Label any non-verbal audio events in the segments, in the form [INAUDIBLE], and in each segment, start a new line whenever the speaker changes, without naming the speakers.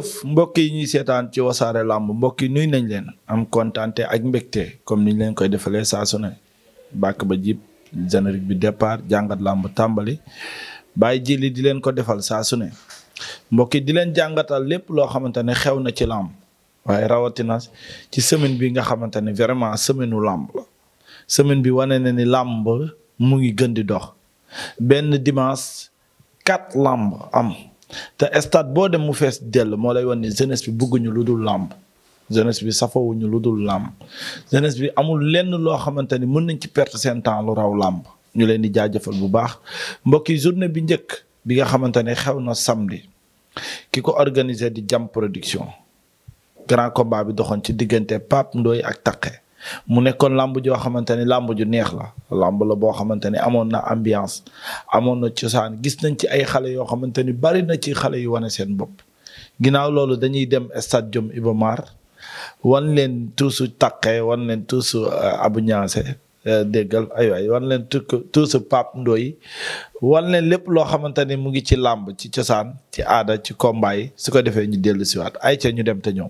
jërëjëf mbokk yi ñuy seetaan ci wasaare làmb mbokk yi nuy nañ leen am kontaante ak mbégte comme niñ leen koy defalee saa su ba jib générique bi départ jàngat làmb tàmbali bàyyi jili di leen ko defal saa su mbokk yi di leen jàngatal lépp loo xamante ne xew na ci làmb waaye rawatina ci semaine bi nga xamante ne vraiment semaine u làmb la semaine bi wane na ni làmb mu ngi gën di dox benn dimanche quatre làmb am te stade boo dem mu fees dell moo lay wan ni jeunesse bi bëgguñu lu dul làmb jeunesse bi safawuñu lu dul làmb jeunesse bi amul lenn loo xamante ni mën nañ ci perte seen temps lu raw làmb ñu leen di jaajëfal bu baax mbokki journée bi njëkk bi nga xamante ne xew na samedi ki ko organisé di jam production grand combat bi doxoon ci diggante Pape Ndoye ak Takké mu nekkoon làmb joo xamante ne làmb ju neex la làmb la boo xamante ne amoon na ambiance amoon na cosaan gis nañ ci ay xale yoo xamante ni bari na ci xale yu wane seen bopp ginnaaw loolu dañuy dem stade Jom Iba Mar wan leen tuusu taqe wan leen tuusu eh, abu ñaase eh, déggal ay waay leen tukk tuusu Pape Ndoye wan leen lépp loo xamante ni mu ngi ci làmb ci cosaan ci aada ci kombaay su ko defee ñu dellu siwaat ay ca ñu dem te ñëw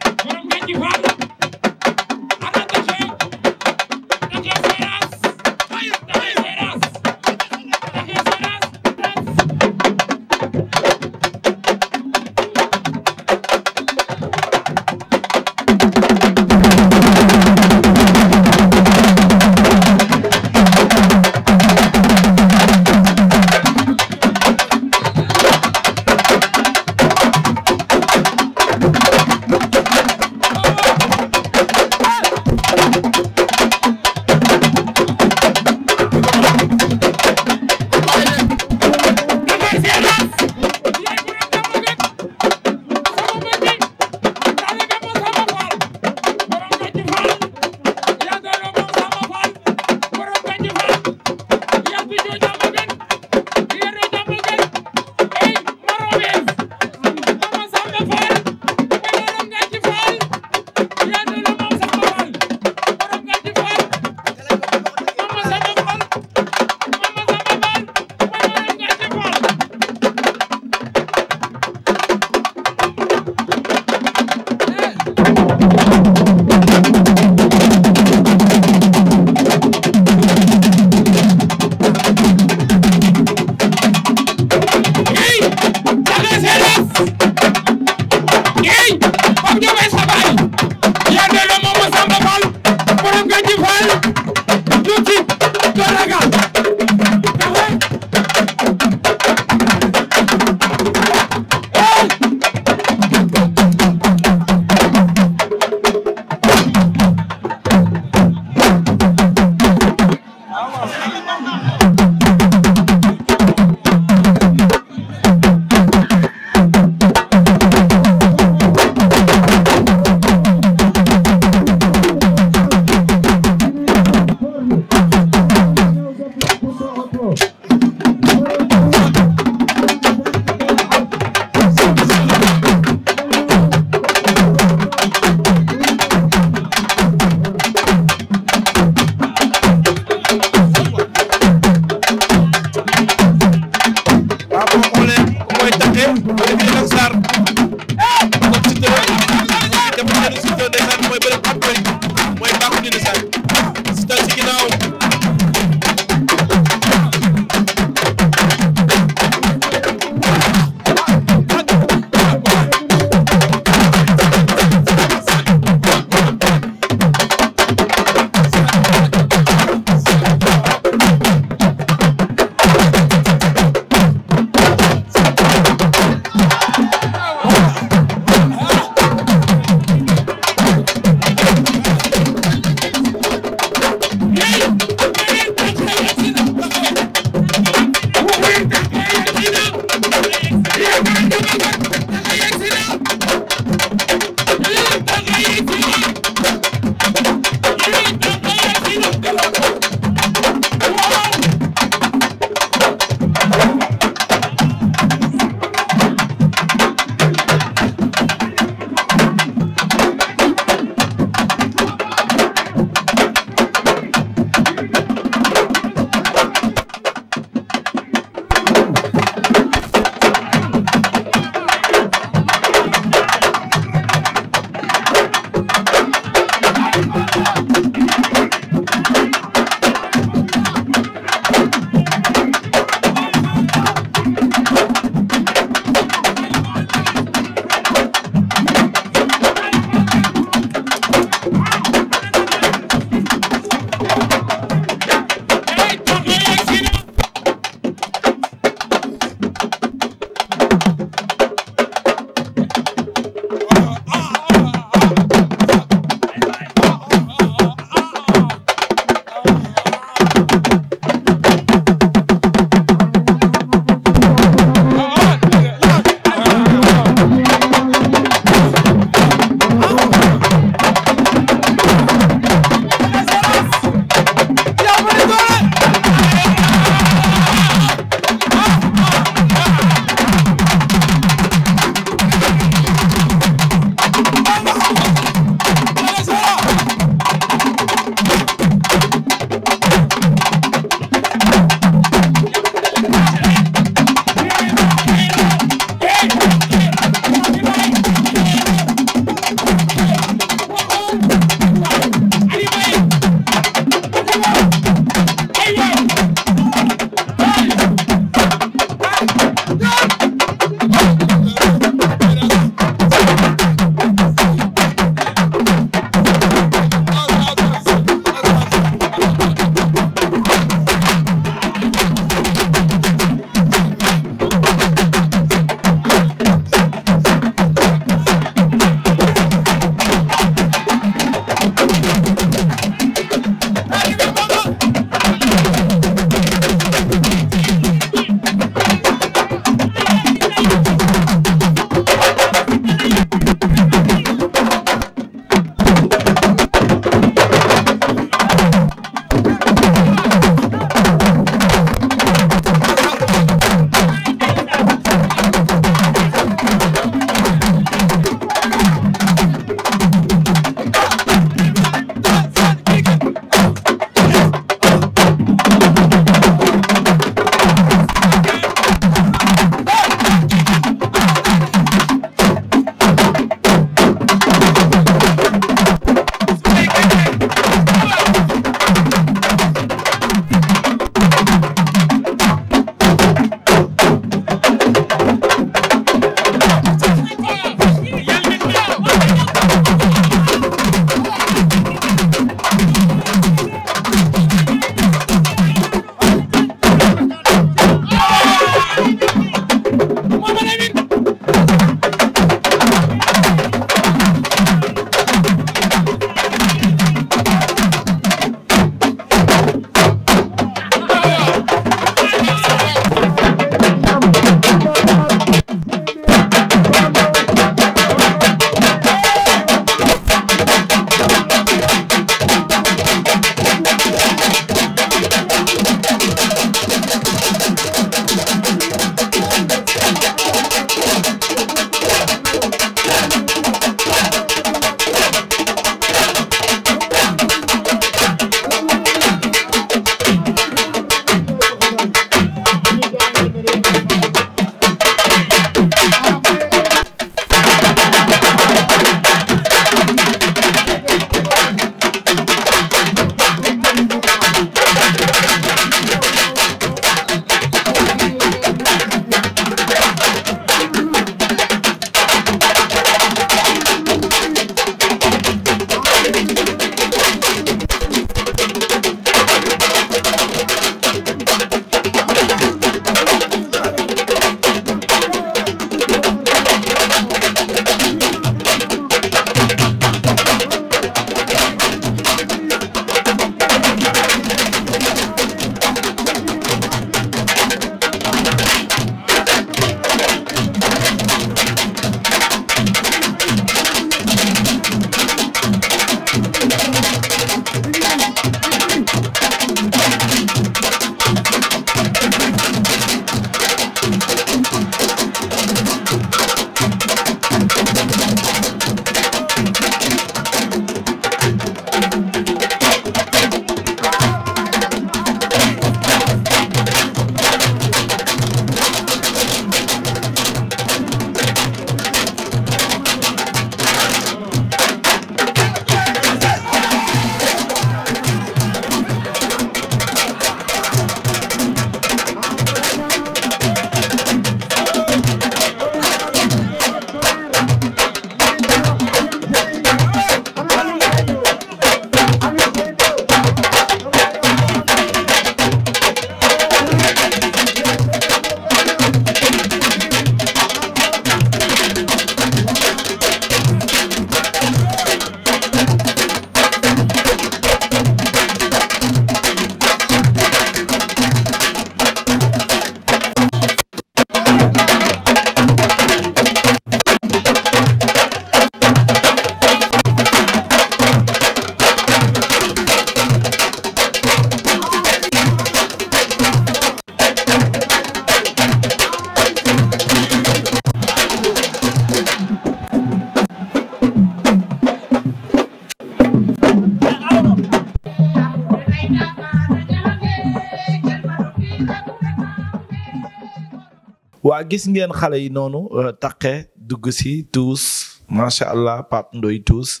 gis ngeen xale yi noonu euh, taqe dugg si tuus macha allah Pape Ndoye tuus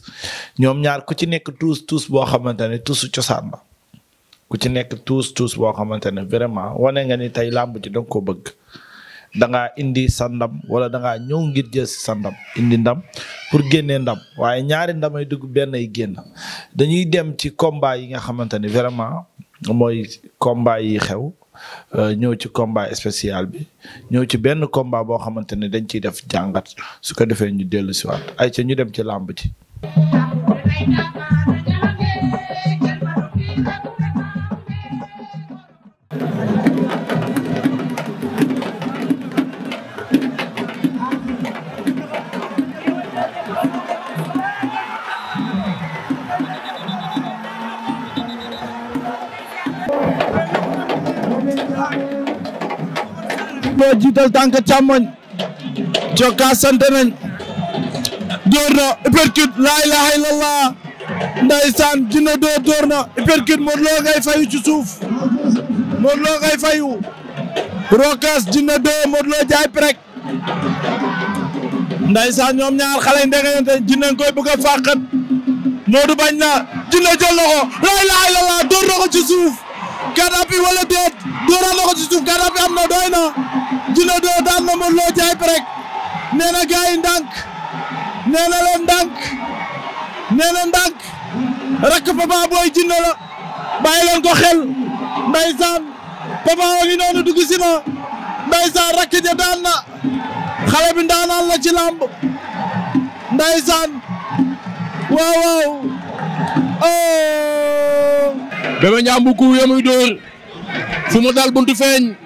ñoom ñaar ku ci nekk tuus tuus boo xamante ne tuusu cosaan la ku ci nekk tuus tuus boo xamante ne vraiment wane nga ni tey làmb ci danga ko bëgg da ngaa indi sa ndam wala da ñëw ngir jël sa ndam indi ndam pour génnee ndam waaye ñaari ndamay dugg benn ay génn dañuy dem ci combat yi nga xamante ne vraiment mooy combat yi xew Euh, ñëw ci combat spécial bi ñëw ci benn combat boo xamante ne dañ ciy def jàngat su ko defee ñu dellu si ay ca ñu dem ci làmb ci
boo jiital tànk càmmoñ jokka sante door na uppercut laa ilaha illallah ndeysaan dina door door na uppercut Modou Lo ngay fayu ci suuf Modou Lo ngay fayu door Modou Lo ñoom ñaar xale yi ndegante dinañ koy bëgg a fàqat Modou bañ na dina jël na ko laa ilaha door na ko ci suuf kadapi wala déet door na ko ci suuf kadapi am na doy na Dina Dóor daan na Modou Lo jaay break nee na gars na leen ndànk nee na ndànk rakk Papa Boy la bàyyi leen ko xel ndeysaan Papa a ngi noonu dugg si na ndeysaan ja daan na xale bi ndaanaan la ci làmb ndeysaan
waaw waaw oh. Bébé Ndiamb ku yamuy dóor fu mu dal buntu feeñ.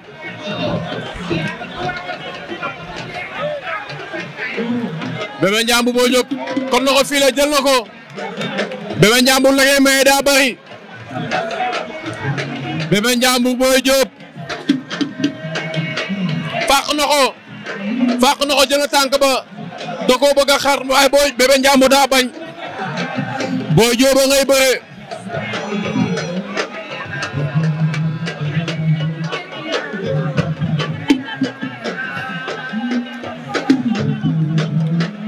Bébé Ndiambour Boy Diop kon na ko fii la jël na ko Bébé Ndiambour la ngay maye daa bari Bébé Ndiambour Boy Diop fàq na ko fàq na ko jël na ba da bëgg a xar waaye booy Bébé Ndiambour daa bañ Boy ba ngay bëre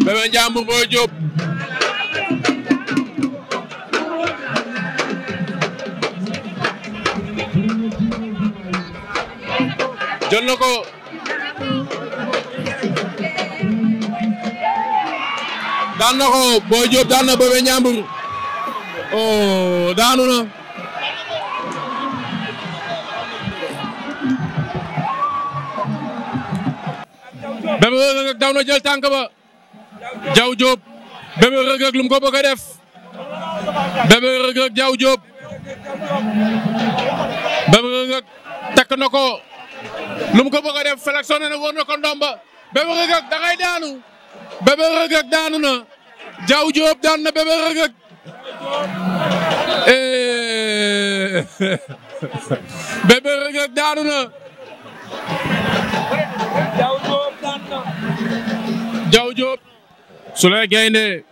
Bébé Ndiambour Boy Diop jël daan na ko daan na Bébé Ndiambour oh daanu na Bébé daw na jël Diaw Diop Bébé Reug Reug lu a def Bébé Reug Reug Diaw Diop Bébé Reug Reug takk na ko lu mu a def flexionné na wër na ndomba Bébé Reug Reug daanu Bébé Reug daanu na Diaw Diop daan na Bébé Reug Reug eh. [LAUGHS] Bébé daanu na Souley Gaynde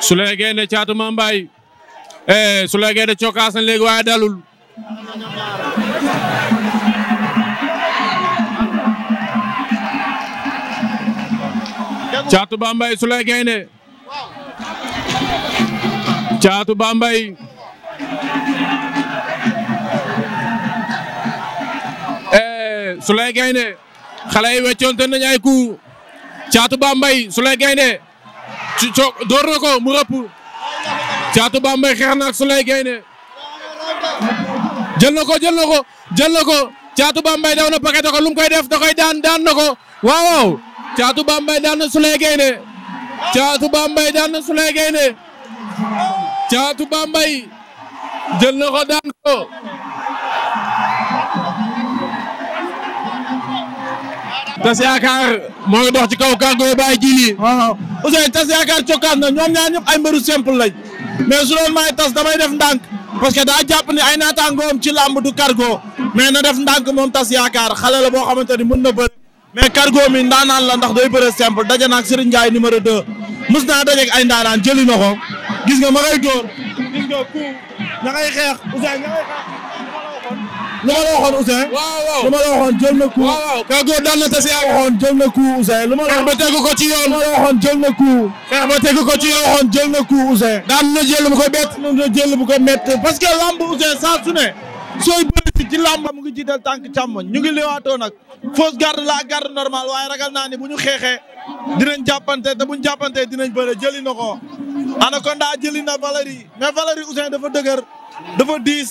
Souley Gaynde Caatu Mambaay eh Souley Gaynde cokkaas na léegi waaye dalul Caatu Bambay Souley Gaynde Caatu Bambay eh Souley Gaynde xale yi weccoonte nañu ay Caatu Bambey Souley Gaynde ci co door na mu rëpp Caatu Bambey xeex na ak Souley Gaynde jël ko jël ko jël ko Caatu Bambey daw na paquet ko lu mu koy def da koy daan na ko waaw waaw Caatu Bambey daan na Souley Gaynde Caatu Bambey daan na Souley Gaynde
tas yaakaar moo ngi dox ci kaw kàggoo bàyyi jiili. waaw Ousseyn tas yaakaar cokkaas na ñoom ñaar ñëpp ay mbëru simple lañ. mais su doon may tas damay def ndànk. parce que daa jàpp ni ay naataangoom ci làmb du cargo. mais na def ndànk moom tas yaakaar xale la boo xamante ni mën na bëri. mais cargo mi ndaanaan la ndax doy bëre simple daje na ak Serigne Ndiaye numéro 2. mës naa dajeeg ay ndaanaan jëli na ko. gis nga ma ngay door. gis nga ku ña ngay xeex Ousseyn ña lu ma la waxoon lu ma la jël na ku. waaw waaw Kago daan na tase ak. waxoon jël na ku Ousseyn lu la. xeex ba tegu ko ci yoon lu ma jël na ku. xeex ko ci yoon waxoon jël na ku Ousseyn. daan na jël bu ko bett daan jël bu ko métti parce que lamb Ousseyn saa su ne. sooy ci lamb mu ngi jiital tànk càmmoñ ñu ngi liwaatoo nag fausse garde la garde normal waaye ragal naa ni bu ñu xeexee dinañ jàppante te bu ñu jàppante dinañ bëre jëli na ko Anaconda jëli na Valérie mais Valérie Ousseyn dafa dëgër dafa diis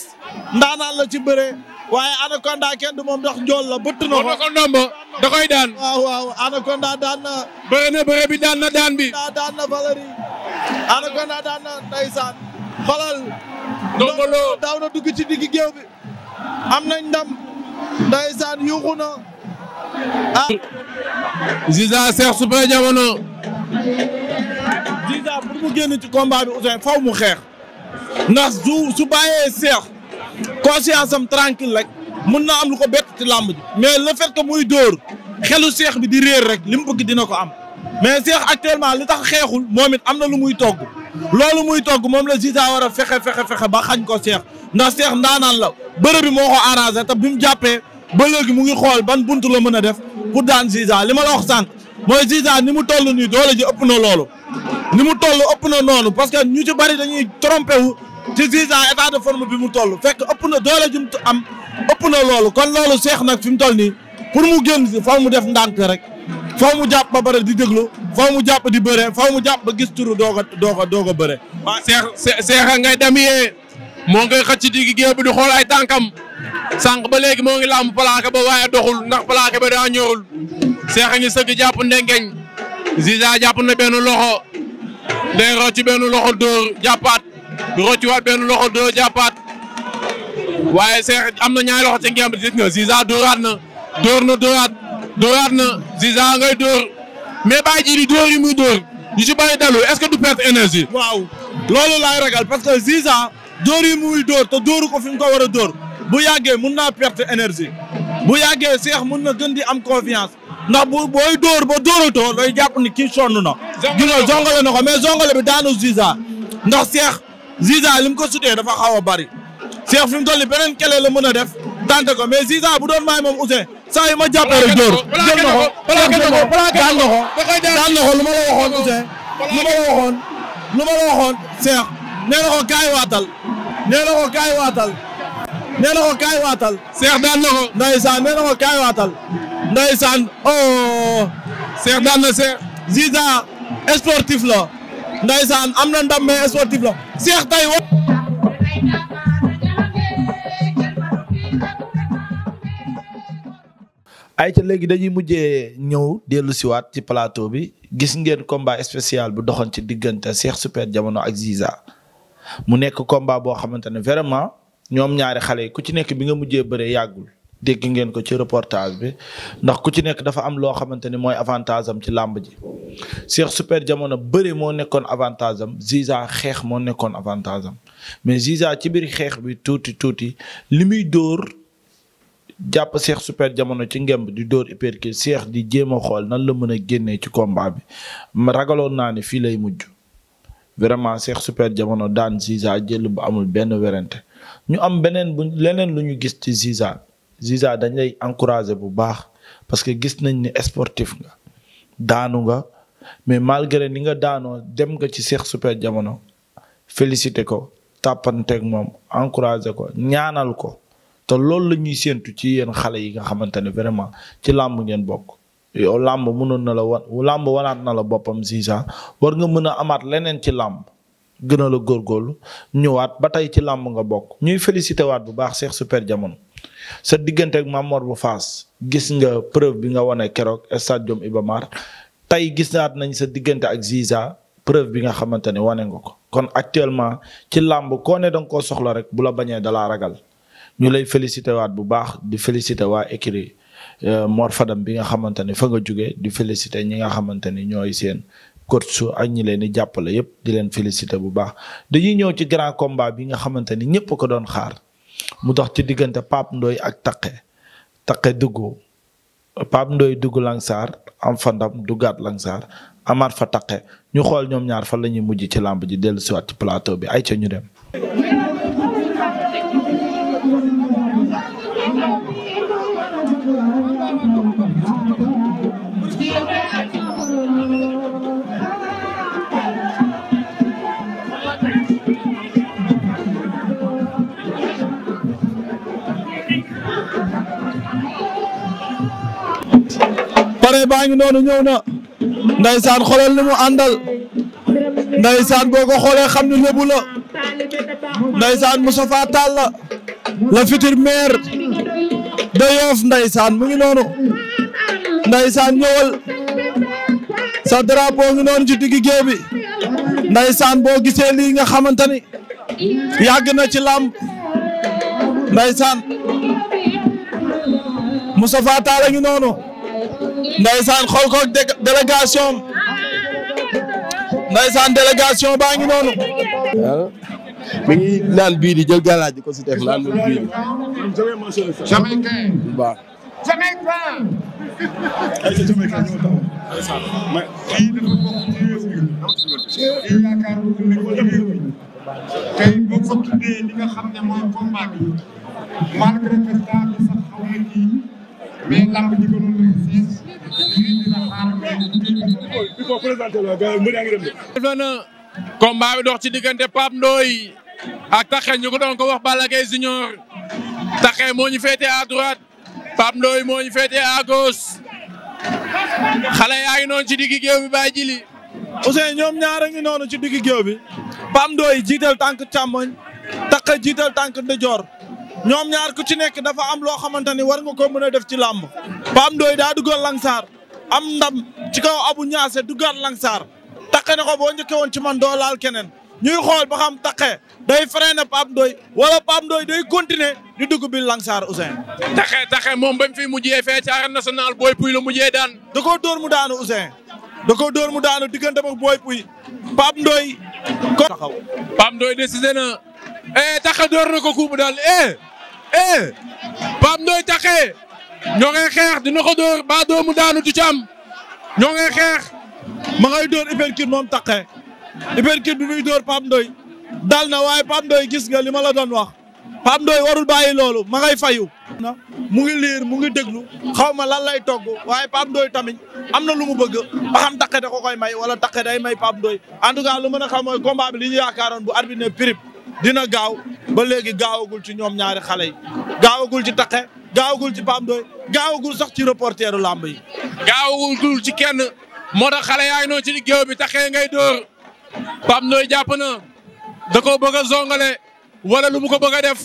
ndaanaan la ci bëre waaye Anaconda kenn du moom ndax njool la na ko ko daan waaw waaw Anaconda daan na na bëre bi daan daan bi daan na Valérie Anaconda daan na ndeysaan daaw na dugg ci digg géew bi am nañ ndam ndeysaan yuuxu na ah Ziza Cheikh Super Diamono Ziza mu génn ci combat bi faw mu xeex ndax su su conscience am tranquille rek mun na am lu ko bett ci làmb ji mais le fait que muy dóor xelu seex bi di réer rek li mu bëgg dina ko am mais seex actuellement li tax xeexul moom it am na lu muy togg loolu muy togg moom la Ziza war a fexe fexe fexe ba xañ ko seex ndax seex ndaanaan la bërëb bi moo ko arrangé te bi mu jàppee ba léegi mu ngi xool ban bunt la mën a def pour daan Ziza li ma la wax sànq mooy Ziza ni mu toll nii doole ji ëpp na loolu. ni mu toll ëpp na que ñu ci ci visa état de forme bi mu toll fekk ëpp na doole jum am ëpp na loolu kon loolu seex nag fi mu tol nii pour mu génn si mu def ndànk rek faw mu jàpp ba pare di déglu faw mu jàpp di bëre faw mu jàpp ba gis turu doog doog a a bëre.
seex seexa ngay demee moo ngay xëcc digg géew bi di xool ay tànkam sànq ba léegi moo ngi làmb plaqué ba waaye doxul ndax plaqué ba daa ñorul seexa ngi sëgg jàpp ndengeñ Ziza jàpp na benn loxo day rocc benn loxo dóor jàppaat. du rocciwaat benn loxo doo jàppaat waaye Cheikh am na ñaari loxo ci ngemb gis nga Ziza dóoraat na dóor na dóoraat dóoraat na Ziza ngay dóor mais bàyyi ji di dóor yi muy dóor ñu ci bàyyi dalu est-ce que
du perte énergie. waaw loolu laay ragal parce que Ziza dóor yi muy dóor te dóoru ko fi mu ko war a dóor bu yàggee mun naa perte énergie bu yàggee Cheikh mun na gën di am confiance. ndax bu booy dóor ba dóoratoo looy jàpp ni kii sonn na. gis nga zongale na ko mais zongale bi daanu Ziza ndax Cheikh Ziza li mu ko sutee dafa xaw a bari Cheikh fi mu toll nii beneen kele la mën a def tante ko mais Ziza bu doon maay moom Ousseyn saa yu ma jàppee rek dóor jël na ko jël na ko daan na ko daan lu ma la waxoon Ousseyn lu ma la waxoon lu ma la ko kaay waatal nee na ko kaay waatal nee na ko kaay waatal daan na ko ndeysaan nee ko kaay waatal ndeysaan oh Cheikh daan na Cheikh Ziza sportif la Ndeysaan am na ndam mais sportif la Cheikh tay wa ay ca léegi dañuy
mujjee ñëw dellu siwaat ci palateau bi gis ngeen combat spécial bu doxan ci diggante Cheikh Super jamono ak Ziza mu nekk combat boo xamante ne vraiment ñoom ñaari xale yi ku ci nekk bi nga mujjee bëree yàggul dégg ngeen ko ci reportage bi ndax ku ci nekk dafa am loo xamante ni mooy avantage am ci làmb ji Cheikh Super Jamono bëre moo nekkoon avantage am Ziza xeex moo nekkoon avantage am mais Ziza ci biir xeex bi tuuti tuuti li muy dóor jàpp Cheikh Super Jamono ci ngemb di dóor uppercut Cheikh di jéem a xool nan la mën a génnee ci komba bi ma ragaloon naa ne fii lay mujj vraiment Cheikh Super Jamono daan Ziza jël bu amul benn werante ñu am beneen leneen lu ñu gis ci Ziza. Ziza dañ lay encourager bu baax parce que gis nañ ni sportif nga daanu nga mais malgré ni nga daanoo dem nga ci seex Super jamono félicité ko tàppanteeg moom encourager ko ñaanal ko te loolu la ñuy séentu ci yéen xale yi nga xamante ne vraiment ci làmb ngeen bokk. yow làmb mënoon na la wan làmb wanaat na la boppam Ziza war nga mën a amaat leneen ci làmb gën a la góorgóorlu ñëwaat ba tey ci làmb nga bokk ñuy félicité waat bu baax Cheikh Super jamono sa diggante ak Mamor bu Faas gis nga preuve bi nga wane keroog stade Iba Mar tey gis naat nañ sa diggante ak Ziza preuve bi nga xamante ne wane nga ko kon actuellement ci làmb koo ne danga koo soxla rek bu la bañee dalaa ragal ñu lay félicité waat bu baax di félicité waa écurie euh, Mor Fadam bi nga xamante ne fa nga jóge di félicité ñi nga xamante ni ñooy seen coach ak ñi leen di jàppale yépp di leen félicité bu baax dañuy ñëw ci grand combat bi nga xamante ni ñépp ko doon xaar mu tax ci diggante Pape Ndoye ak Taqe Taqe dugg Pape Ndoye dugg Langsar am fa ndam duggaat Langsar amaat fa Taqe ñu xool ñoom ñaar fan la ñuy mujj ci làmb ji dellu siwaat ci bi ay ca ñu dem.
pare baa ngi noonu ñëw na ndaysaan xoolal li mu àndal ndaysaan boo ko xoolee xam ne lébu la ndaysaan Moustapha Tall la le futur maire de Yoff mu ngi noonu ndaysaan ñëwal sa drapeau ngi noonu ci digg géew bi ndaysaan boo gisee lii nga xamante ni yàgg na ci làmb ndaysaan Moustapha Tall la ngi noonu Ndeysaan xool ko délégation Ndeysaan délégation baa ngi noonu. waaw mi ngi naan bii di jël galaaj di ko
mais lamb
bi dox ci diggante Pape Ndoye ak Taxe ñu ko doon ko wax Balla Gaye Junior Taxe moo ñu féetee à droite Pape Ndoye moo ñu féetee yaa ngi noonu ci diggi géew bi jili Ousseyn ñoom ñaar a ngi noonu
ci diggi géew bi Pape Ndoye jiital tànk càmmoñ Taxe jiital tànk ndijoor ñoom ñaar ku ci nekk dafa am loo xamante ni war nga ko mën a def ci làmb Pape Ndoye daa duggal Langsar am ndam ci kaw Abu Ñaase duggaat Langsar taqe na ko boo njëkkee woon ci man laal keneen ñuy xool ba xam taqe day freiné Pape Ndoye wala Pape Ndoye day continuer di dugg bi Langsar Ousseyn. taqe taqe moom ba mu fi mujjee fee ci arène nationale booy puy la mujjee daan. da koo dóor mu daanu Ousseyn da door mu daanu diggante ak booy puy Pape
Ndoye. taxaw Pape Ndoye décidé na eh taqe ko kuubu daal eh! eh Pape Ndoye taxee ñoo ngay xeex dina ko dóor ba doomu
daanu du ci am ñoo ngay xeex ma ngay dóor uppercut moom taxee uppercut bi muy dóor Pape Ndoye dal na waaye Pape gis nga li ma la doon wax Pape warul bàyyi loolu ma ngay fayu mu ngi liir mu ngi déglu xaw ma lan lay togg waaye Pape Ndoye tamit am na lu mu bëgg ba xam taxe da wala taxe day may Pape Ndoye en tout lu mën a xam mooy combat bi li ñu yaakaaroon bu arbitre ne prib dina gaaw ba léegi gaawagul ci ñoom ñaari xale yi gaawagul ci taqe gaawagul ci Pape Ndoye gaawagul sax ci reporteru làmb yi.
gaawagul ci kenn moo tax xale yaa ngi noonu ci géew bi taqe ngay dóor Pape Ndoye jàpp na da koo bëgg a zongale wala lu mu ko bëgg a def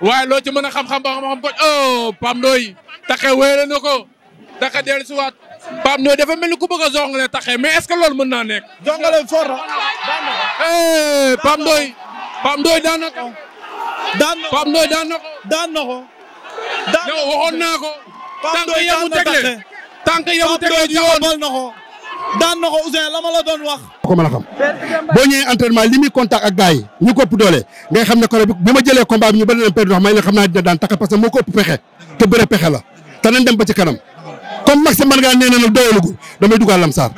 waaye loo ci mën a xam-xam ba xam-xam ko oh Pape Ndoye taqe wéyale na ko taqe dellusiwaat Pape Ndoye dafa mel ni ku bëgg a zongale taqe mais est-ce que loolu mën naa nekk. zongale fort na. Eh, Pape Ndoye Pape Ndoye daanaka. daan na ko Pape daan na ko. na daan na ko yow waxoon naa ko. Pape Ndoye daan na taxe
tànk yow tegle ju ko. daan na ko Ousseyn la ma la doon wax. ko mën a boo ñëwee entraînement li muy contact a gars yi ñu ko ëpp doole ngay xam ne ko bi ma jëlee combat bi ñu bëri leen perte ndox may leen xam naa dina daan tax parce que moo ko ëpp pexe te bëre pexe la te nañ dem ba ci kanam comme Maxime gaan ngaa nee na nag doyalugul damay dugal lamsaar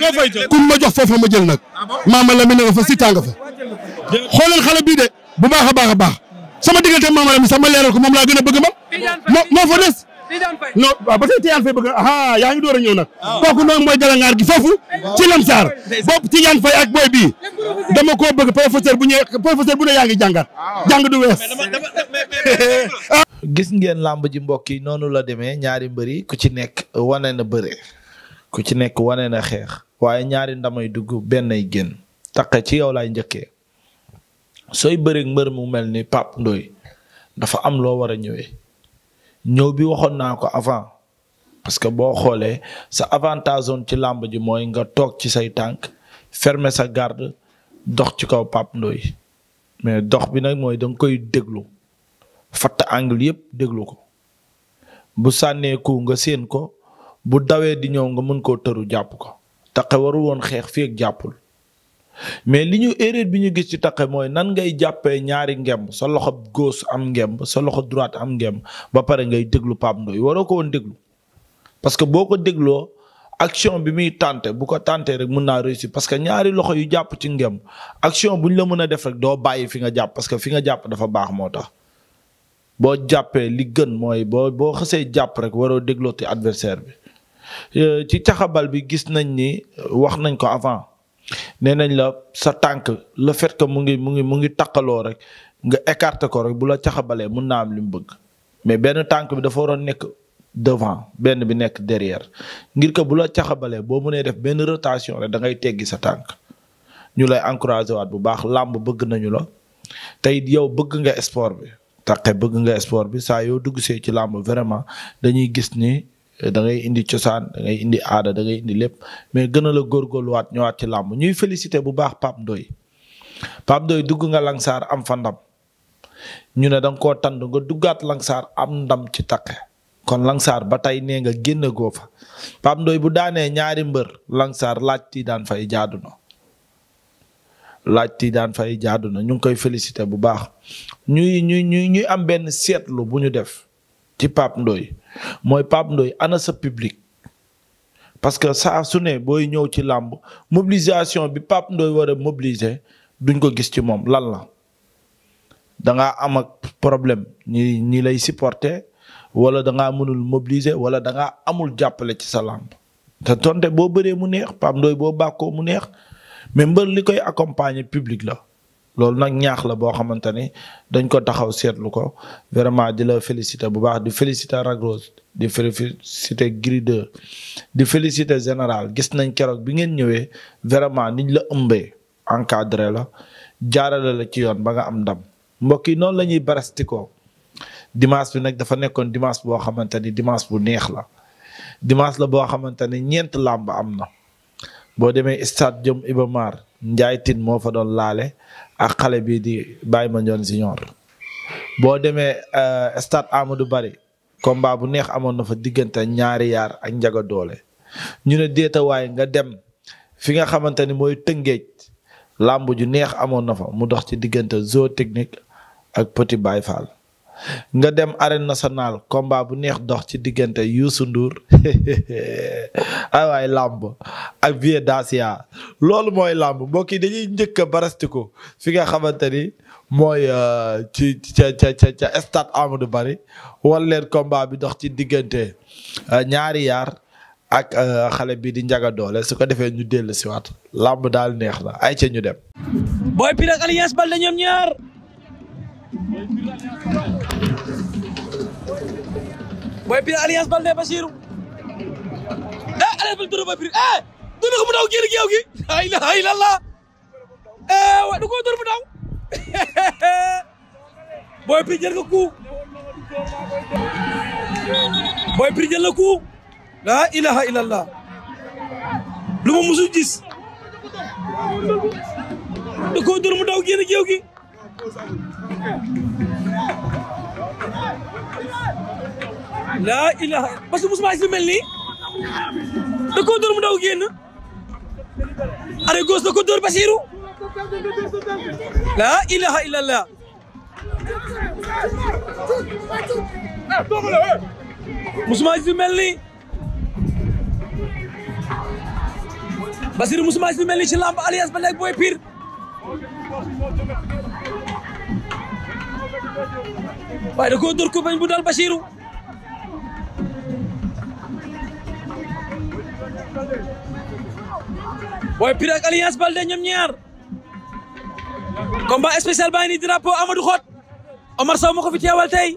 ku ma jox foofu ma jël nag ah maama la mi ne nga fa si tàng fa xoolal xale bii de bu baax a baax a baax sama diggante maam Aram sama leeral ko moom laa gën a bëgg ma moo fa des non ba tey Tidiane Faye bëgg ah yaa ngi door a ñëw nag kooku noonu mooy galangaar gi foofu ci Lamsaar bopp Tidiane Faye ak booy dama koo bëgg professeur bu ñëwee professeur bu ne yaa ngi jàngat jàng du
gis ngeen làmb ji mbokk yi noonu la demee ñaari mbëri ku ci nekk wane na ku ci nekk wane na xeex waaye ñaari ndamay dugg benn ay génn taq ci yow laay njëkkee sooy bëreeg mbër mu mel ni Pape Ndoye dafa am loo war a ñëwee ñëw bi waxoon naa ko avant parce que boo xoolee sa avantage zone ci làmb ji mooy nga toog ci say tànk ferme sa garde dox ci kaw Pape Ndoye mais dox bi nag mooy da koy déglu fatt angle yëpp déglu ko bu sànneeku nga séen ko bu dawee di ñëw nga mën koo tëru jàpp ko taqe warul woon xeex fii ak jàppul mais li ñu erreur bi ñu gis ci taqe mooy nan ngay jàppee ñaari ngem sa loxo gauche am ngem sa loxo droite am ngem ba pare ngay déglu Pape Ndoye waroo ko woon déglu parce que boo ko dégloo action bi muy tànte bu ko tàntee rek mën naa réussir parce que ñaari loxo yu jàpp ci ngemb action bu ñu la mën a def rek doo bàyyi fi nga jàpp parce que fi nga jàpp dafa baax moo tax boo jàppee li gën mooy boo boo xësee jàpp rek waroo dégloo te adversaire bi euh, ci caxabal bi gis nañ ni wax nañ ko avant nee nañ la sa tànk la fet ko mu ngi mu ngi mu ngi takkaloo rek nga écarter ko rek bu la caxabalee mun naa am li mu bëgg mais benn tànk bi dafa waroon nekk devant benn bi nekk derrière ngir que bu la caxabalee boo nee def benn rotation rek da ngay teggi sa tànk ñu lay encouragé waat bu baax làmb bëgg nañu la tey yow bëgg nga sport bi. taqe bëgg nga sport bi saa yoo dugg see ci làmb vraiment dañuy gis nii Eh, dangay indi cosaan da indi aada da indi lépp mais gën a la góorgóorluwaat ñëwaat ci làmb ñuy félicité bu baax Pape Ndoye Pape dugg nga Langsar am fa ndam ñu ne da ko koo tànd nga duggaat Langsar am ndam ci takk kon Langsar ba tey nee nga génne goo fa Pape bu daanee ñaari mbër Langsar laaj ti daan fay jaadu na laaj ti daan fay jaadu na ñu ngi koy félicité bu baax ñuy ñuy ñuy am benn seetlu bu ñu def. ci Pape Ndoye mooy Pape Ndoye ana sa public parce que saa su ne booy ñëw ci làmb mobilisation bi Pape Ndoye war a mobiliser duñ ko gis ci moom lan la dangaa am ak problème ñi ñi lay supporter wala dangaa mënul mobiliser wala dangaa amul jàppale ci sa làmb te tonte boo bëree mu neex Pape Ndoye boo bàkkoo mu neex mais mbër li koy accompagner public la loolu nag ñaax la boo xamante ni dañ ko taxaw seetlu ko vraiment di la féliciter bu baax di féliciter Ragros di féliciter Gris 2 di féliciter général gis nañ keroog bi ngeen ñëwee vraiment niñ la ëmbee encadré la jaarale la ci yoon ba nga am ndam mbokk yi noonu la ñuy barastikoo dimanche bi nag dafa nekkoon dimanche boo xamante ni dimanche bu neex la dimanche la boo xamante ni ñeent làmb am na boo demee stade Jom Iba Mar Njaay Tine moo fa doon laale ak xale bii di Baye Mandione Junior boo demee euh, stade Amadou Barry combat bu neex amoon na fa diggante ñaari yaar ak njaga doole ñu ne déetawaay nga dem fi nga xamante ni mooy tëngéej làmb ju neex amoon na fa mu dox ci diggante zoo technique ak poti Baye Fall nga dem arène nationale komba bu neex dox ci diggante Youssou Ndour [LAUGHS] ay waay làmb ak Vieux Dacia loolu mooy làmb mbokk yi dañuy njëkk a barastiku fi nga xamante ni mooy euh, ci ca ca ca stade Amadou du bari walleen combat bi dox ci diggante euh, ñaari yaar ak euh, xale bi di njaga doole su ko defee ñu dellu si waat làmb daal neex na ay ca ñu dem.
Boy Pire ak Alliance ñoom ñaar. booy pir alliance Baldé Basiru eh alliance Baldé dóor booy pir eh dóor ko mu daw génn géew gi la ilaha illallah eh wa du ko mu daw [LAUGHS] booy pir jël ko coup booy pir jël na coup la ilaha illallah lu ma laa ilaha parce que Ousmane si mel nii da koo mu daw génn are góos da ko laa ilaha illallah musuma gis lu mel nii Basiru musuma gis lu mel nii ci lamb alliance ba léegi booy pire waaye da koo dóor ko bañ bu Boy Pire ak Alliance Baldé ñoom ñaar combat spécial baa ngi nii drapeau Amadou Xot Omar Sow ma fi teewal tey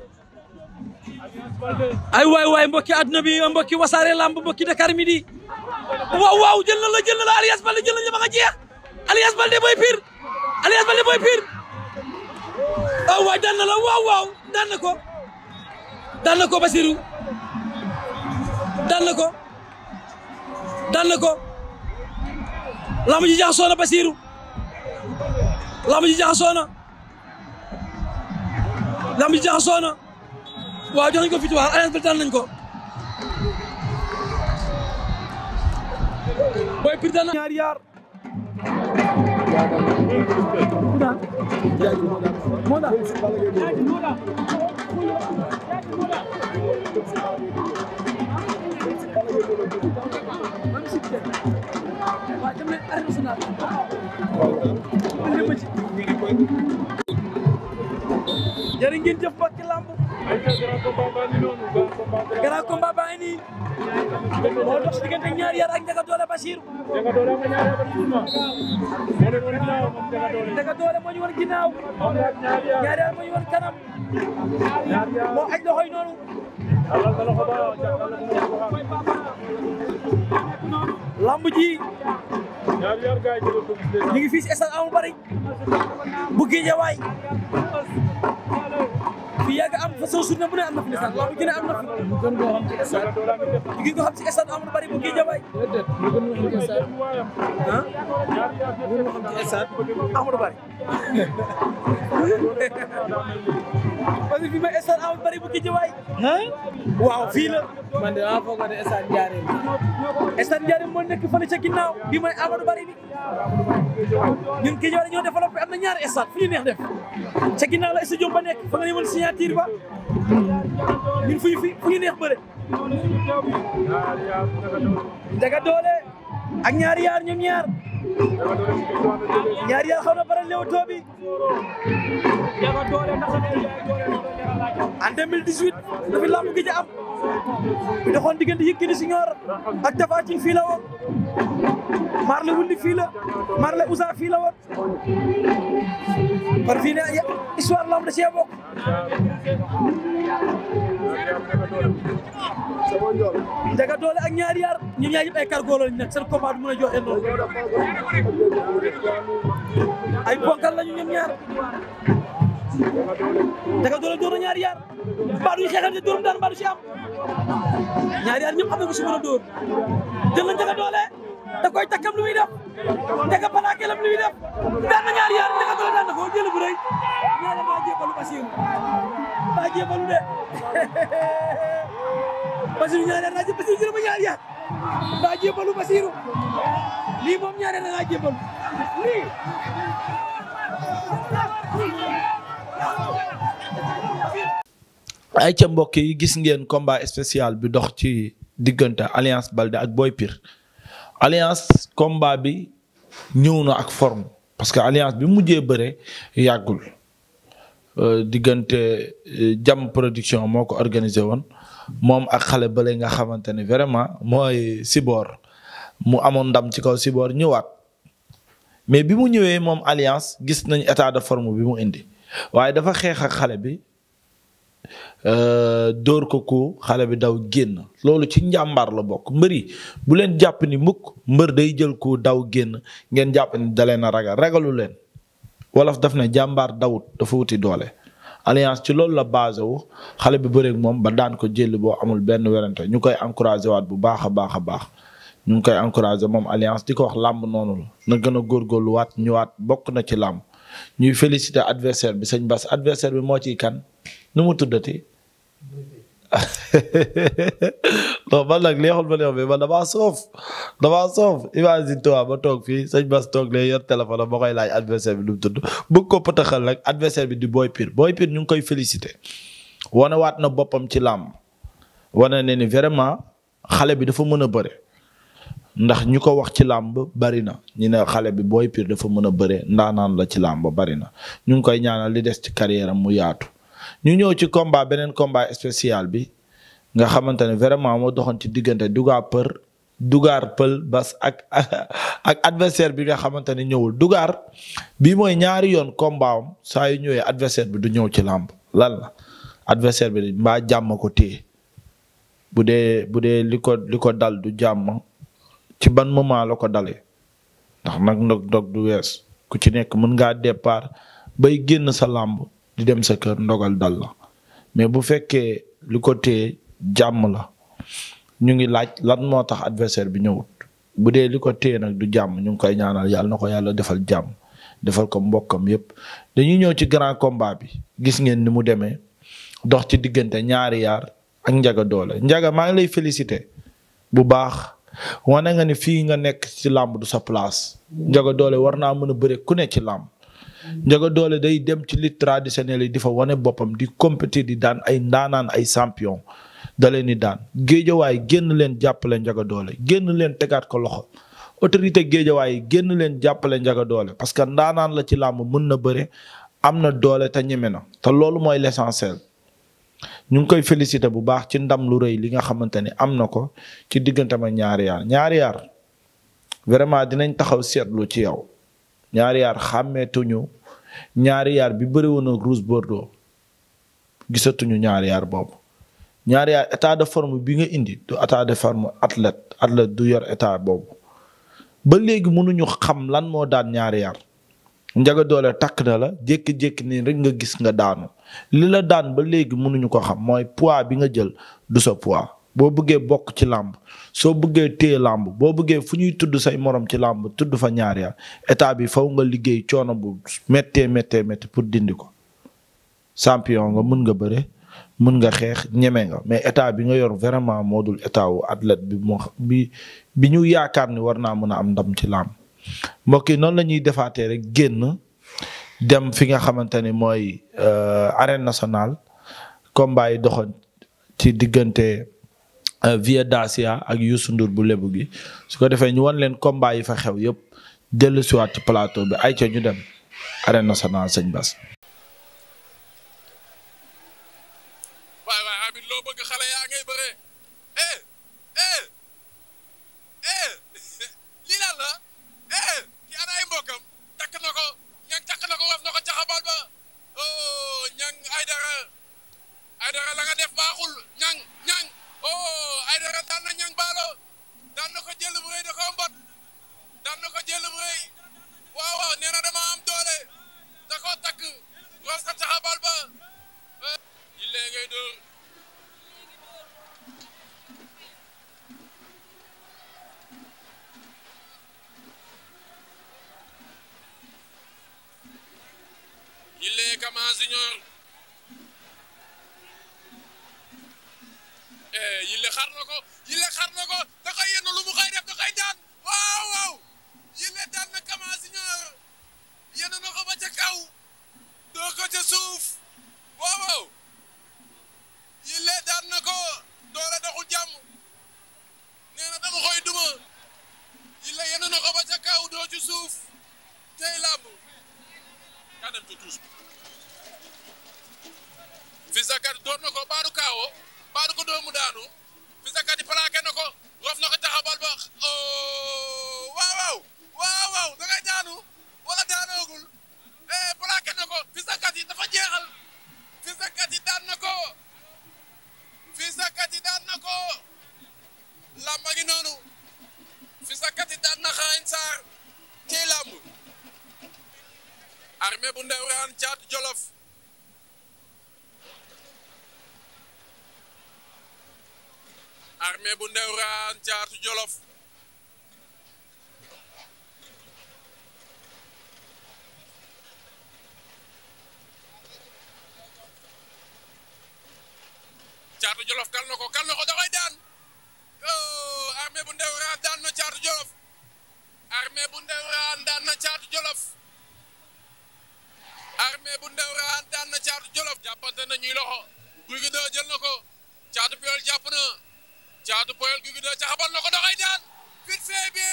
ay waay waay mbokki adduna mbokki wasaare lamb mbokki Dakar midi waaw waaw jël na la jël na la Alliance Baldé jël na la ba nga jeex Alliance Baldé Boy Pire Alliance Baldé Boy Pire oh, la ko daan na ko Basirou daan na ko daan na ko lamb ji jaxasoo na Basiru lamb ji jaxasoo na lamb ji jaxasoo na waaw jox nañ ko victoire Alliance Baldé daan nañ ko jërë ngeen jëf mbokki lamb. grand combat baa ngi nii. moo dox diggante ñaari yar ak Ndiaga Dolé Bachir. Ndiaga Dolé moo ñu wan ginnaaw. ñaari yar moo ñu kanam. moo aj loxoy lamb ji ñu ngi fii si stade Amadou Barry bu Guédiawaye bu yàgg am façon journée bu ne am na fi ndeysaan laa bu gën a am na fi ñu gën koo xam ci stade ñu gën koo xam ci stade amul bari bari bu kii jabaay waaw fii la man de maa foog ne stade Ndiarème stade Ndiarème moo nekk fële ca ginnaaw bi mooy Amadou Bari bi ñun kii jabaay ñoo développé am na ñaari stade fu ñu neex def ca ginnaaw la stade ba nekk fa nga ne woon signature ba ñun fu ñu fi fu ñu neex bëre Ndiaga Dolé ak ñaari yaar ñaar ñaari yaar xaw na bara lew too bi en 2018 dafi gi ci am bi doxoon diggante Yékini Senior ak Tapha Tine fii Marley wulli fii la Marley Ousa fii la woon par fii ne histoire lamb da cee ak ñaari yar ñoom ñaar yëpp ay cargo lañu nag seen combat bi mën a joxe noonu ay bonkal lañu ñoom ñaar Daga Doole door na ñaari yaar mbaa du ñu xeexante dooram daan mbaa du ci am ñaari yaar ñëpp xam na ko si mën a door jël na Daga Doole da koy takkam lu muy def Daga palaakeelam lu muy def
daan na ñaari yaar Daga Doole daan
na ko jël bu rëy ñaari maa jébalu Basiru maa jébalu de [LAUGHS] Basiru ñaari yaar naa Basiru jël ma ñaari yaar maa jébalu Basiru lii moom ñaari yaar naa jébalu lii.
ay ca mbokk yi gis ngeen combat spécial bi dox ci diggante Alliance balde ak booy Pire Alliance combat bi ñëw na ak forme parce que Alliance bi mujjee bëre yàggul euh, diggante euh, jam production moo ko organisé woon moom ak xale bële nga xamante ne vraiment mooy Sibor mu amoon ndam ci kaw Sibor ñëwaat mais bi mu ñëwee moom Alliance gis nañ état de forme bi mu indi. waaye dafa xeex ak xale bi euh, dóor ko ku xale bi daw génn loolu ci njàmbaar la bokk mbër yi bu leen jàpp ni mukk mbër day jël ku daw génn ngeen jàpp ni da leen a ragal ragalu leen wolof daf ne jàmbaar dawut dafa wuti doole. alliance ci loolu la basé wu xale bi bëreeg moom ba daan ko jël boo amul benn werante ñu koy encouragé waat bu baax a baax a baax. ñu ngi koy encouragé moom alliance di ko wax làmb noonu la na gën a góorgóorluwaat ñëwaat bokk na ci làmb ñuy féliciter adversaire bi sëñ Bass adversaire bi moo ciy kan nu mu tuddati. [LAUGHS] non man nag leexul ba neex bi man damaa soof damaa soof imagine toi ba toog fii sëñ bas toog lee yor téléphone am ba koy laaj adversaire bi du mu tudd bëgg ko pëtaxal nag adversaire bi di booy Pire booy piir ñu ngi koy féliciter. wane waat na boppam ci làmb wane ne ni vraiment xale bi dafa mën a bëre. ndax ñu ko wax ci làmb bari na ñu ne xale bi booy piir dafa mën a bëre ndaanaan la ci làmb bari na ñu ngi koy ñaanal li des ci carrière mu yaatu. ñu ñëw ci combat beneen combat spécial bi nga xamante ne vraiment moo doxoon ci diggante Douga Peur Dougar Pël Bas ak [LAUGHS] ak bi nga xamante ne ñëwul Dougar bi mooy ñaari yoon combat am saa yu ñëwee adversaire bi du ñëw ci làmb lan la adversaire bi mbaa jàmm ko téye bu dee bu dee li ko li ko dal du jàmm. ci ban moment la ko dalee ndax nag ndog-ndog du wees ku ci nekk mën ngaa départ bay génn sa làmb di dem sa kër ndogal dal la mais bu fekkee lu ko téye jàmm la ñu ngi laaj lan moo tax adversaire bi ñëwut bu dee li ko téye nag du jàmm ñu ngi koy ñaanal yàlla na ko yàlla defal jàmm defal ko mbokkam yépp dañuy ñëw ci grand combat bi gis ngeen ni mu demee dox ci diggante ñaari yaar ak njaga doole njaga maa ngi lay féliciter bu baax wane nga ni fii nga nekk ci làmb du sa place. Ndiaga doole war naa mën a bëre ku ne ci làmb. Ndiaga doole day dem ci lutte traditionnelle yi di fa wane boppam di compétir di daan ay ndaanaan ay champion da leen di daan géejawaay génn leen jàppale Ndiaga Dolé génn leen tegaat ko loxo autorité géejawaay yi génn leen jàppale Ndiaga doole parce que ndaanaan la ci làmb mën na bëre am na doole te ñeme na te loolu mooy l'essentiel ñu ngi koy félicité bu baax ci ndam lu rëy li nga xamante ni am na ko ci diggante ak ñaari yaar ñaari yaar vraiment dinañ taxaw seetlu ci yow ñaari yaar xàmmeetuñu ñaari yaar bi bëri woon ak Rouge Bordeaux gisatuñu ñaari yaar boobu ñaari yaar état de forme bi nga indi du état de forme athlète athlète du yor état boobu ba léegi mënuñu xam lan moo daan ñaari yaar njaga doole takk na la jékki-jékki nii rek nga gis nga daanu li la daan ba léegi mënuñu ko xam mooy pois bi nga jël du sa poids boo buggee bokk ci làmb soo buggee téye làmb boo buggee fu ñuy tudd say morom ci làmb tudd fa ñaar ya état bi faw nga liggéey coono bu méttee méttee métti pour dindi ko sampion nga mun nga bëre mën nga xeex ñeme nga mais état bi nga yor vraiment moo dul état wu athlète bi moo bi bi ñu yaakaar ni war naa mën a am ndam ci làmb mbokk yi noonu la ñuy defaatee rek génn dem fi nga xamante ni mooy euh, arène nationale combat yi doxoon ci diggante euh, Vieux Dacia ak Youssou Ndour bu lebu gi su ko defee ñu wan leen combat yi fa xew yëpp dellu siwaat ci plateau bi ay ca ñu dem arène nationale sëñ Bass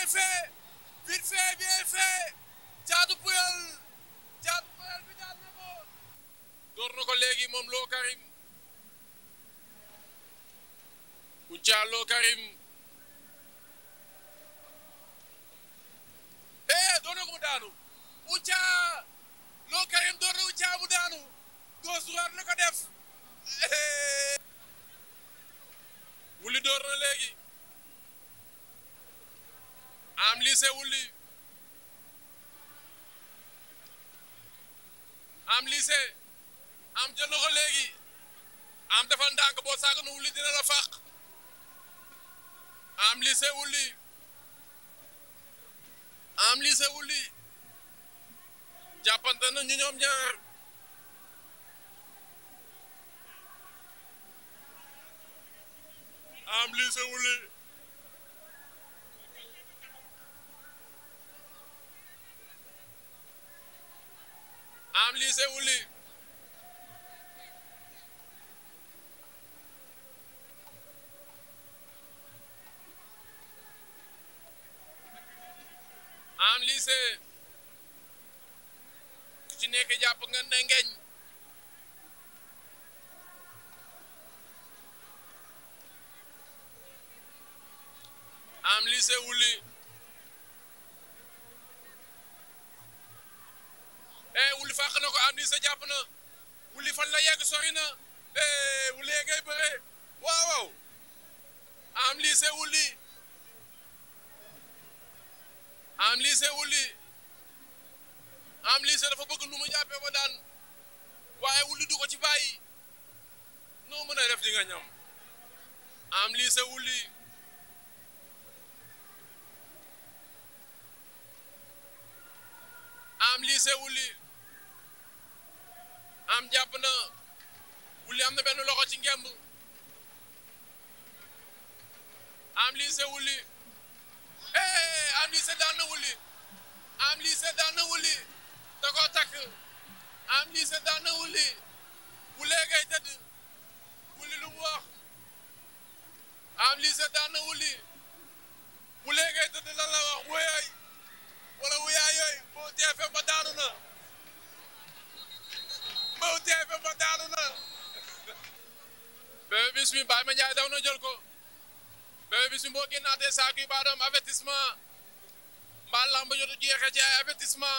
bien fait vite fait bien caatu puyal caatu puyal bi daal na door na léegi moom loo karim Kouthia loo karim eh door na mu daanu Kouthia loo karim door na Kouthia mu daanu gauche droite na ko def eh. wuli door na léegi am liise wulli am liise am jël léegi am defal ndànk boo saaga wulli dina la fàq am liise wulli am liise wulli jàppante na ñaar am liise wulli am liise wuli am liise ku ci nekk jàpp nga ne ngeñ am liise wuli ah nii sa jàpp na fan la yegg sori na eh, wuli ngay bëree waaw am lii see am lii see am lii see dafa bëgg nu mu jàppee daan waaye wuli du ko ci bàyyi noo mën a def nga ñam am lii see am lii see am jàpp na wulli am na benn loxo ci ngemb am liise wulli eh am liise daan na am liise daan na wulli da am liise daan na génnaatee saako yu baax doom avertissement mbaa lamb jotu jeexee ci ay avertissement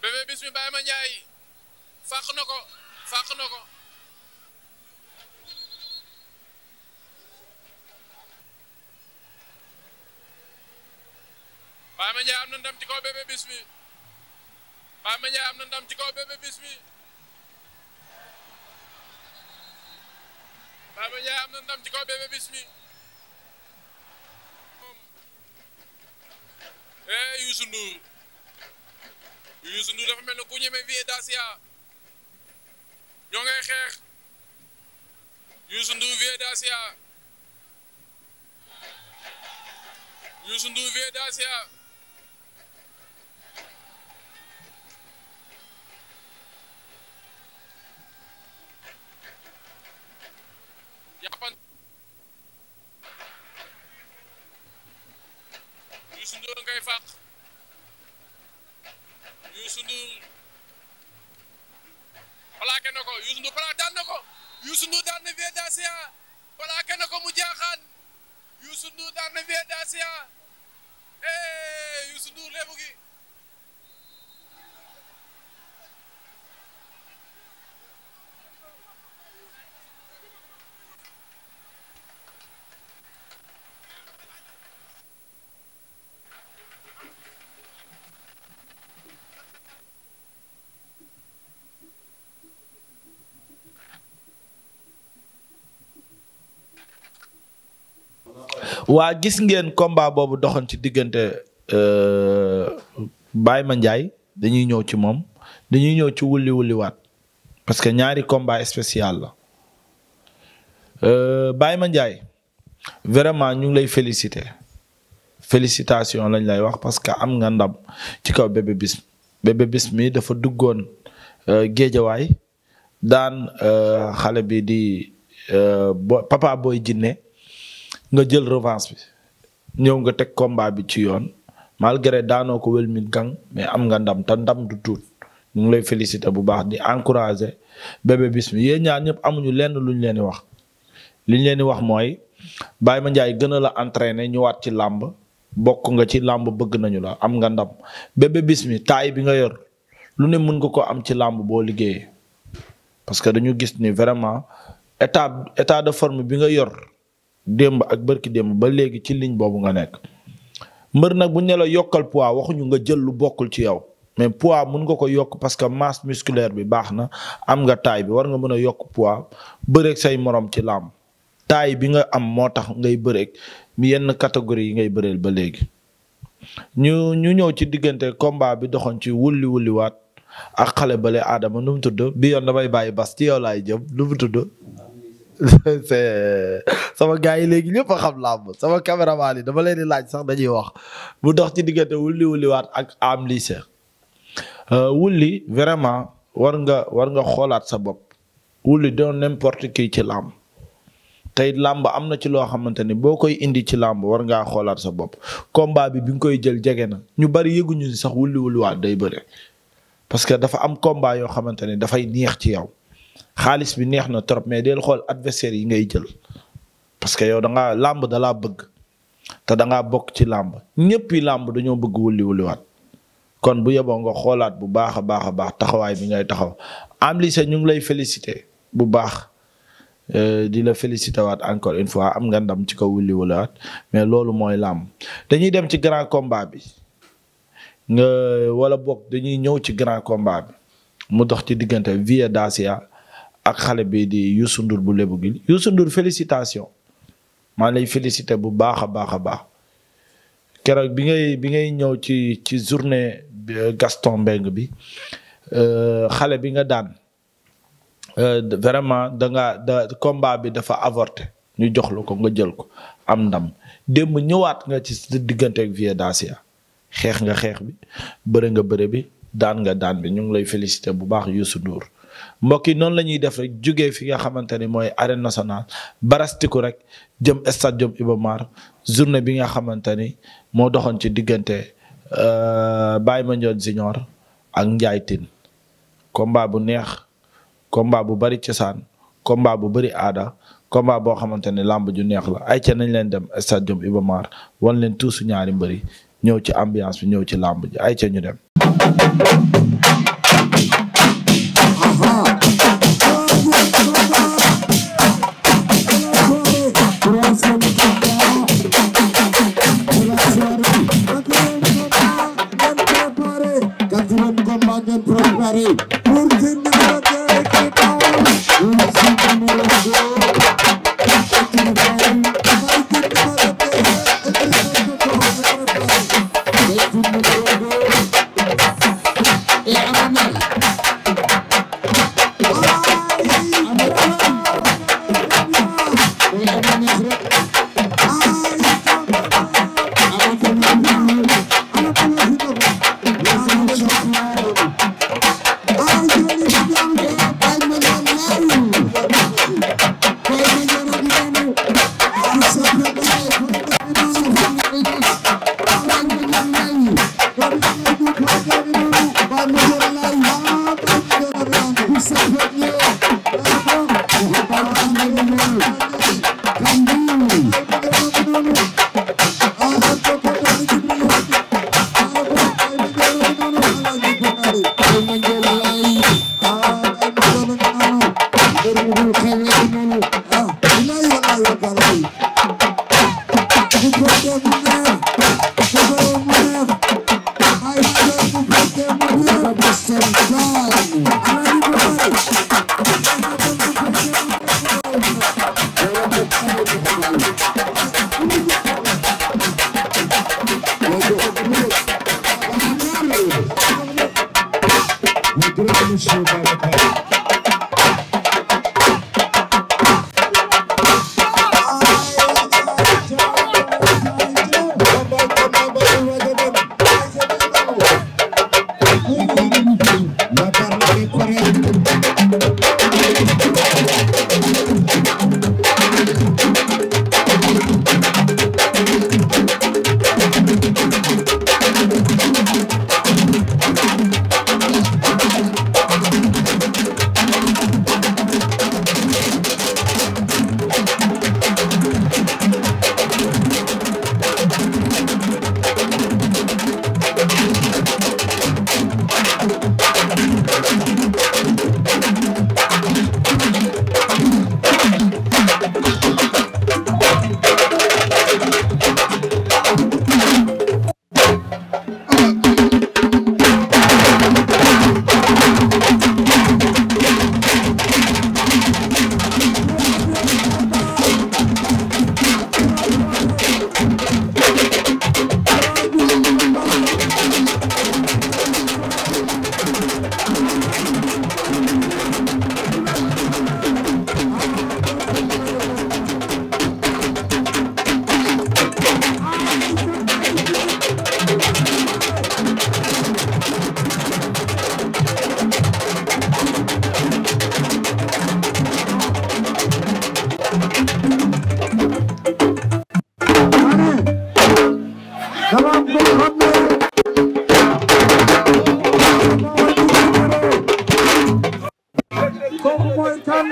bébé bismi Baye Ma Ndiaye fàq na ko fàq na ko Baye Ma Ndiaye am na ndam ci kaw bébé bismi Baye Ma Ndiaye am na ndam ci kaw bébé bismi Baye Ma Ndiaye am na ndam ci kaw bébé bismi eh Youssou Ndour Youssou Ndour dafa mel ne ku ñeme vie dacia ñoo ngay xeex Youssou Ndour vie dacia Youssou Ndour vie dacia Youssou Ndour ngay fàq Youssou Ndour plaqué ko Youssou Ndour plaqué daan na ko Youssou daan na Vieda Sia plaqué na ko mu jaaxaan Youssou Ndour daan na Vieda Sia eh Youssou Ndour lébu gi
waa gis ngeen combat boobu doxoon ci diggante ma euh, Mandiaye dañuy ñëw ci moom dañuy ñëw ci wulli wulli waat parce que ñaari combat spécial la ma euh, Mandiaye vraiment ñu ngi lay féliciter félicitation lañ lay wax parce que am nga ndam ci kaw bébé bis bébé bis mi dafa duggoon euh, géejawaay daan xale bi di papa booy jinne nga jël revanche bi ñëw nga teg combat bi ci yoon malgré daanoo ko wel mi gang mais am nga ndam te ndam du tuut ñu ngi lay féliciter bu baax di encourager Bébé Bismi yéen ñaar ñëpp amuñu lenn lu ñu leen di wax li ñu leen di wax mooy Baye Mandiaye gën a la entraîner ñëwaat ci làmb bokk nga ci làmb bëgg nañu la am nga ndam Bébé Bismi taay bi nga yor lu ne mën nga ko am ci làmb boo liggéeyee parce que dañu gis ni vraiment état état de forme bi nga yor démb ak bërki démb ba léegi ci ligne boobu nga nekk mbër nag bu ñu yokkal pois waxuñu nga jël lu bokkul ci yow mais pois mun nga ko yokk parce que masse musculaire bi baax na am nga taay bi war nga mën a yokk pois bëreeg say morom ci làmb taille bi nga am moo tax ngay bëreeg yenn catégorie yi ngay bëreel ba léegi. ñu ñu ñëw ci diggante combat bi doxoon ci wulli wulli waat ak xale bale aadama nu mu tudd bi yoon damay bàyyi bas ci yow laay jëm nu mu tudd. [LAUGHS] sama gars yi léegi ñëpp a xam làmb sama caméraman yi dama leen di laaj sax dañuy wax bu dox ci diggante wulli wulliwaat ak am lycée euh, wulli vraiment war nga war nga xoolaat sa bopp wulli doon n'importe qui ci làmb tey làmb am na ci loo xamante ni boo koy indi ci làmb war ngaa xoolaat sa bopp komba bi bi nga koy jël jege na ñu bari yëguñu ni sax wulli wulliwaat day bëre parce que dafa am combat yoo xamante ni dafay neex ci yow xaalis bi neex na trop mais del xool adversaire yi ngay jël parce que yow danga làmb dalaa bëgg te da ngaa bokk ci làmb ñëpp yi làmb dañoo bëgg wulli wulliwaat kon bu yeboo nga xoolaat bu baax a baax a baax taxawaay bi ngay taxaw am li lay félicité bu baax euh, di la félicité waat encore fois am nga ndam ci ko wulli wulliwaat mais loolu mooy làmb dañuy dem ci grand combat bi nga wala bokk dañuy ñëw ci grand combat bi mu dox ci diggante Vieux Dacia ak xale bi di Youssou Ndour bu Lebu Gil Youssou Ndour félicitation maa lay félicité bu baax a baax a baax keroog bi ngay bi ngay ñëw ci ci journée euh, Gaston Mbengue bi euh, xale bi nga daan euh, vraiment da nga da combat bi dafa avorté ñu jox la ko nga jël ko am ndam démb ñëwaat nga ci sa diggante ak Vieux Dacia xeex nga xeex bi bëre nga bëre bi daan nga daan bi ñu ngi lay félicité bu baax Youssou Ndour mbokk yi noonu la ñuy def rek jugee fi nga xamante ni mooy arène national barastiku rek jëm stade Jom Iba Mar journée bi nga xamante ni moo doxoon ci diggante euh, Baye Mandione Junior ak Ndiaye Tine combat bu neex combat bu bari cosaan combat bu bari aada combat boo xamante ni làmb ju neex la ay ca nañ leen dem stade Jom Iba Mar wan leen tuusu ñaari mbëri ñëw ci ambiance bi ñëw ci làmb ji ay ca ñu dem yii
Bye. kooku mooy kan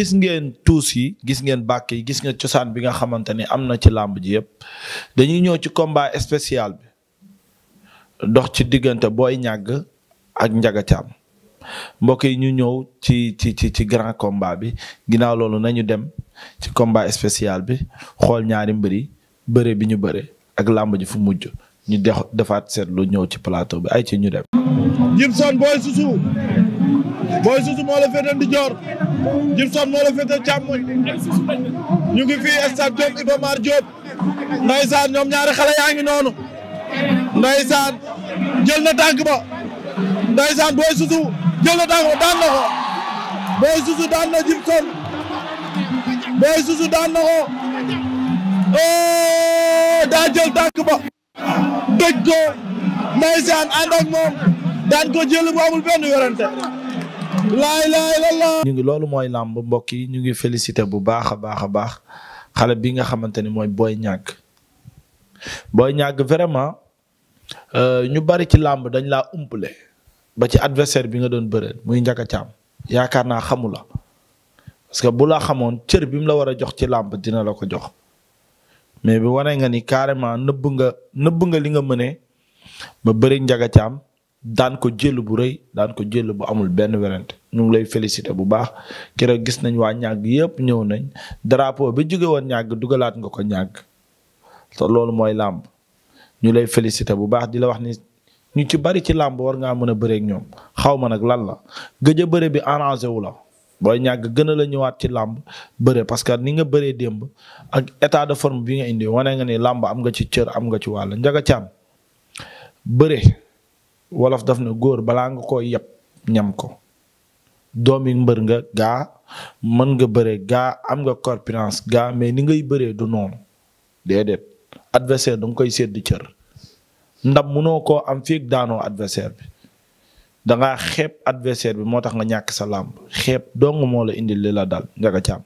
gis ngeen tuus yi gis ngeen bàkk yi gis nga cosaan bi nga xamante ni am na ci làmb ji yépp dañuy ñëw ci komba spécial bi dox ci diggante booy ñàgg ak njaga caam mbokk yi ñu ñëw ci ci ci ci grand combat bi ginnaaw loolu nañu dem ci combat spécial bi xool ñaari mbër yi bëre bi ñu bëre ak làmb ji fu mujj ñu dex defaat lu ñëw ci plateau bi ay ci ñu dem. Jimson booy
susu booy susu moo la féetal di joor. Gibson moo la féete càmmoñ ñu ngi fii stade Diop Iba Mar Diop ñoom ñaari xale yaa ngi noonu ndeysaan jël na tànk ba ndeysaan Boy Sousou jël na tànk ba daan na ko Boy Sousou daan na Gibson Boy Sousou daan na ko oh, daa jël tànk ba doj ko ndeysaan ànd moom daan ko jël bu amul benn werante laay laay la la.
ñu ngi loolu mooy làmb mbokk yi ñu ngi félicité bu baax a baax a baax xale bi nga xamante ni mooy booy Niang booy Niang vraiment euh, ñu bari ci làmb dañ laa umpale ba ci adversaire bi nga doon bëreel muy Ndiaga yaakaar naa xamu la parce que bu la xamoon cër bi mu la war a jox ci làmb dina la ko jox mais bi wane nga ni carrément nëbb nga nëbb nga li nga mëne ma bëri Ndiaga Thiam daan ko jël bu rëy daan ko jël bu amul benn werante ñu lay félicité bu baax keroog gis nañ waa ñàgg yëpp ñëw nañ drapeau ba jóge woon ñàgg dugalaat nga ko ñàgg te loolu mooy làmb ñu lay félicité bu baax di la wax ni ñu ci bari ci làmb war ngaa mën a bëreek ñoom xaw ma nag lan la gëj a bëre bi arrangé wu la booy ñàgg gën a la ñëwaat ci làmb bëre parce que ni nga bëree démb ak état de forme bi nga indi wanee nga ni làmb am nga ci cër am nga ci wàll njaga caam bëre wolof daf na góor balaa nga ko yeb ñam ko doomi mbër nga gaa mën nga bëre gaa am nga corpulence gaa mais ni ngay bëree du noonu déedéet adversaire da koy sédd cër ndam munoo koo am fii ak daanoo adversaire bi da ngaa xeeb adversaire bi moo tax nga ñàkk sa làmb xeep dong moo la indil li la dal njaga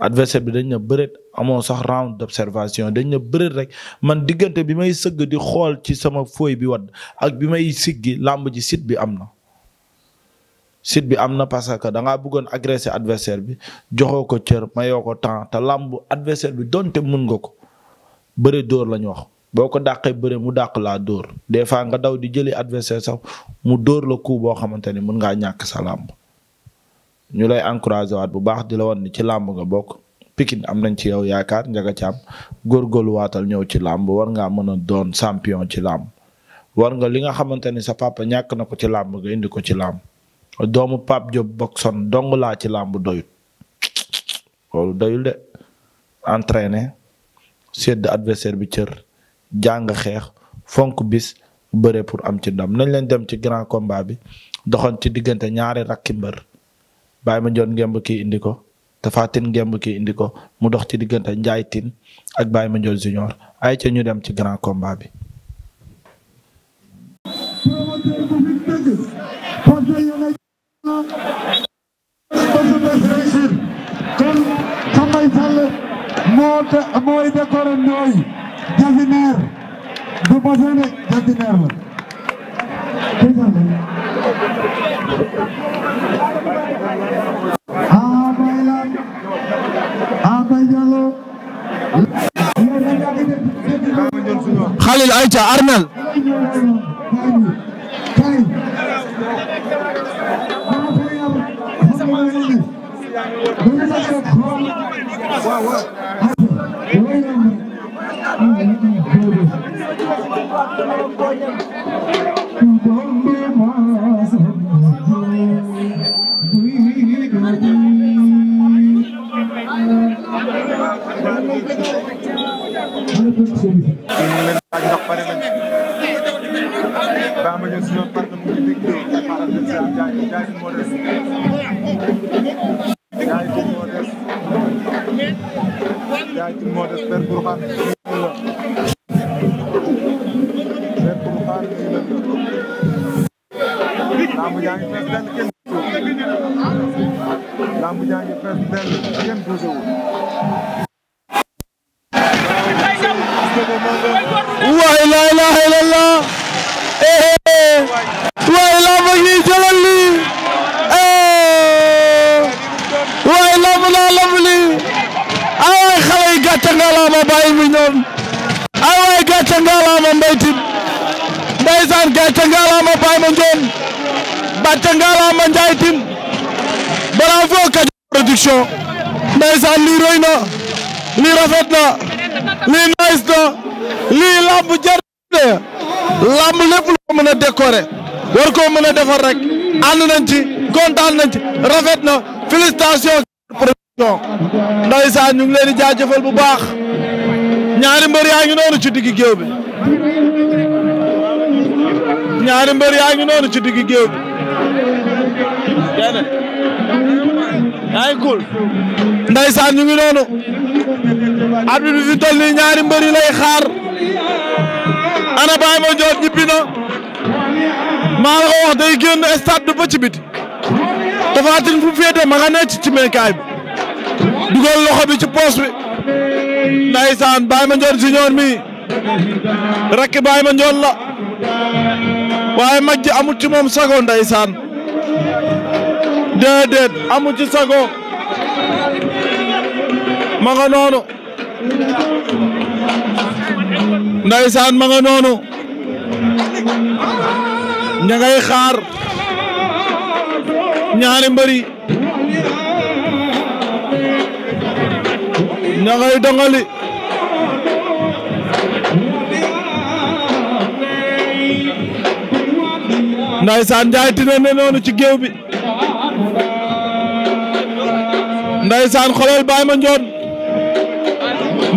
adversaire bi dañ na bëreet amoo sax round d'observation dañ na bëreet rek man diggante bi may sëgg di xool ci sama fooy bi wadd ak bi may siggi làmb ji site bi am na. site bi am na parce que da bëggoon agresser adversaire bi joxoo ko cër mayoo ko temps te làmb adversaire bi donte mën nga ko bëre dóor la ñu wax. boo ko dàqee bëre mu dàq laa dóor des fois nga daw di jëli adversaire sax mu dóor la coup boo xamante ni mën ngaa ñàkk sa làmb ñu lay encouragé waat bu baax di la wan ni ci làmb nga bokk Pikine am nañ ci yow yaakaar Ndiaga Thiam góorgóorluwaatal ñëw ci làmb war ngaa mën a doon champion ci làmb war nga li nga xamante ni sa papa ñàkk na ko ci làmb nga indi ko ci làmb doomu job Diop son dong laa ci làmb doyut loolu doyul de entraîner sedd adversaire bi cër jàng xeex fonk bis bëre pour am ci ndam nañ leen dem ci grand combat bi doxan ci diggante ñaari rakki mbër bàyyi ma njoon ngemb kii indi ko tafaatin ngemb kii indi ko mu dox ci diggante Njaay Tine ak bàyyi ma njoon junior ay ca ñu dem ci grand combat bi.
Khalil Aïcha Armel
laaj ndax pare nañ
Bamba Dieng suñu partenaire mu ngi dégg xaaral leen si jaay jaay moo des jaay moo des jaay moo des per pour xam rafet na lii nice na lii lamb jar de lamb lépp lu ko mën a décorer war a defar rek ànd nañ ci kontaan nañ ci rafet na félicitations production ndeysaan ñu ngi leen di jaajëfal bu baax ñaari mbër yaa ngi noonu ci diggi géew bi ñaari mbër yaa ngi noonu ci diggi géew bi kenn noonu arbitre bi fi toll ñaari mbëri lay xaar ana Baye Mandione ñibbi na maa la ko wax day génn stade ba ci biti Tapha fu féete ma nga nekk ci cimekaay bi dugal loxo bi ci poos bi ndaysaan Baye Mandione Junior mi rakk Baye Mandione la waaye mag ji amut ci moom sago ndaysaan saan amut ci sago ma nga noonu Ndeysaan ma nga noonu ña ngay xaar ñaari mbëri ña ngay dongali Ndeysaan Njaay tina ne noonu ci géew bi Ndeysaan xolal Baye Mandione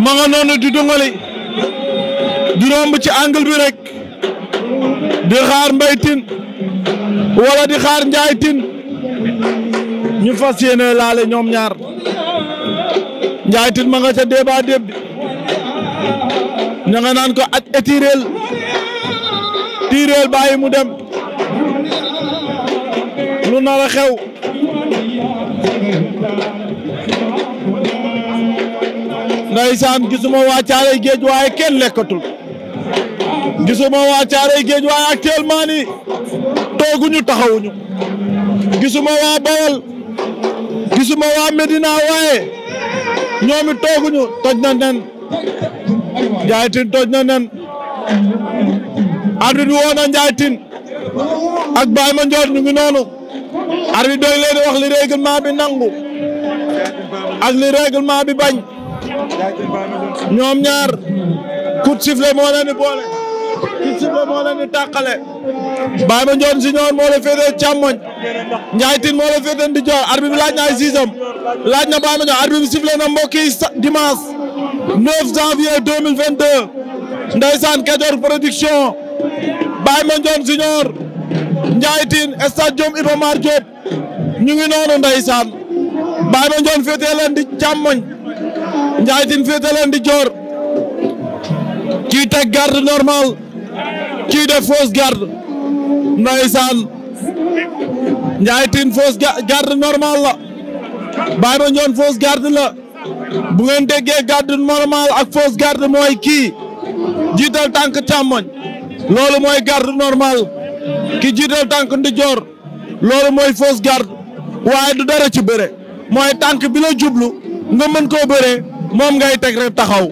ma nga noonu di dungali di romb ci angle bi rek di xaar Mbaye Tine di xaar Ndiaye ñu fas yéene laale ñoom ñaar Ndiaye Tine ma nga ca débat déb bi naan ko aj tiireel bàyyi mu dem lu nar xew ndaysaan gisuma waa Caaray géej waaye kenn lekkatul gisuma waa Caaray géej waaye actuellement nii tooguñu taxawuñu gisuma waa Bawol gisuma waa Medina waaye ñoomi tooguñu toj na nen Ndiaye Tine toj na nen arbitre bi woo na Ndiaye Tine ak Baye ñu ngi noonu arbitre bi doy wax li règlement bi nangu ak li règlement bi bañ ñoom ñaar coup de sifflet moo leen di boole coup de sifflet moo leen di tàqale Baye Mandione Junior moo la féetee càmmoñ Ndiaye Tine moo la féetee ndijoor bi laaj na ay siisam laaj na Baye Mandione arbitre bi sifflé na mbokk yi dimanche 9 janvier 2022 ndeysaan Kajoor production Baye Mandione Junior Ndiaye Tine stade Iba Mar Diop ñu ngi noonu ndeysaan Baye Mandione féetee leen di càmmoñ Ndiaye Tine féete leen di joor kii teg garde normal kii def fausse garde ndeysaan Ndiaye Tine fausse garde normal la Baye Mandione fausse garde la bu ngeen déggee garde normal ak fausse garde mooy kii jiital tànk càmmoñ loolu mooy garde normal ki jiital tànk ndijoor loolu mooy fausse garde waaye du dara ci mooy tànk bi la jublu nga mën koo moom ngay teg rek taxaw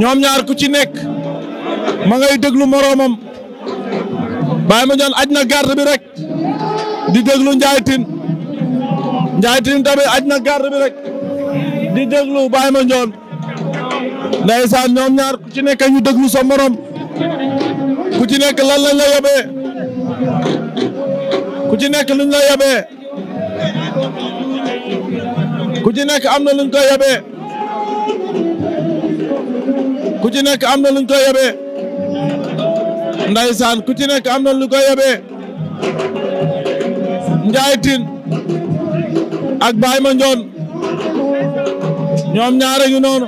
ñoom ñaar ku ci nekk ma ngay déglu moroomam Baye Mandione aj na garde bi rek di déglu Ndiaye Tine Ndiaye Tine aj na garde rek di déglu Baye Mandione ndeysaan ñoom ñaar ku ci nekk ñu déglu so morom ku ci nekk lan lañ la yóbbee ku ci nekk luñ la yóbbee ku ci nekk am na luñ ko yóbbee ku ci nekk am na luñ ko yebee ndaysaan ku ci nekk am na lu ko yebee Njaay Tine ak Baye Ma Ndione ñoom ñaare ñu noonu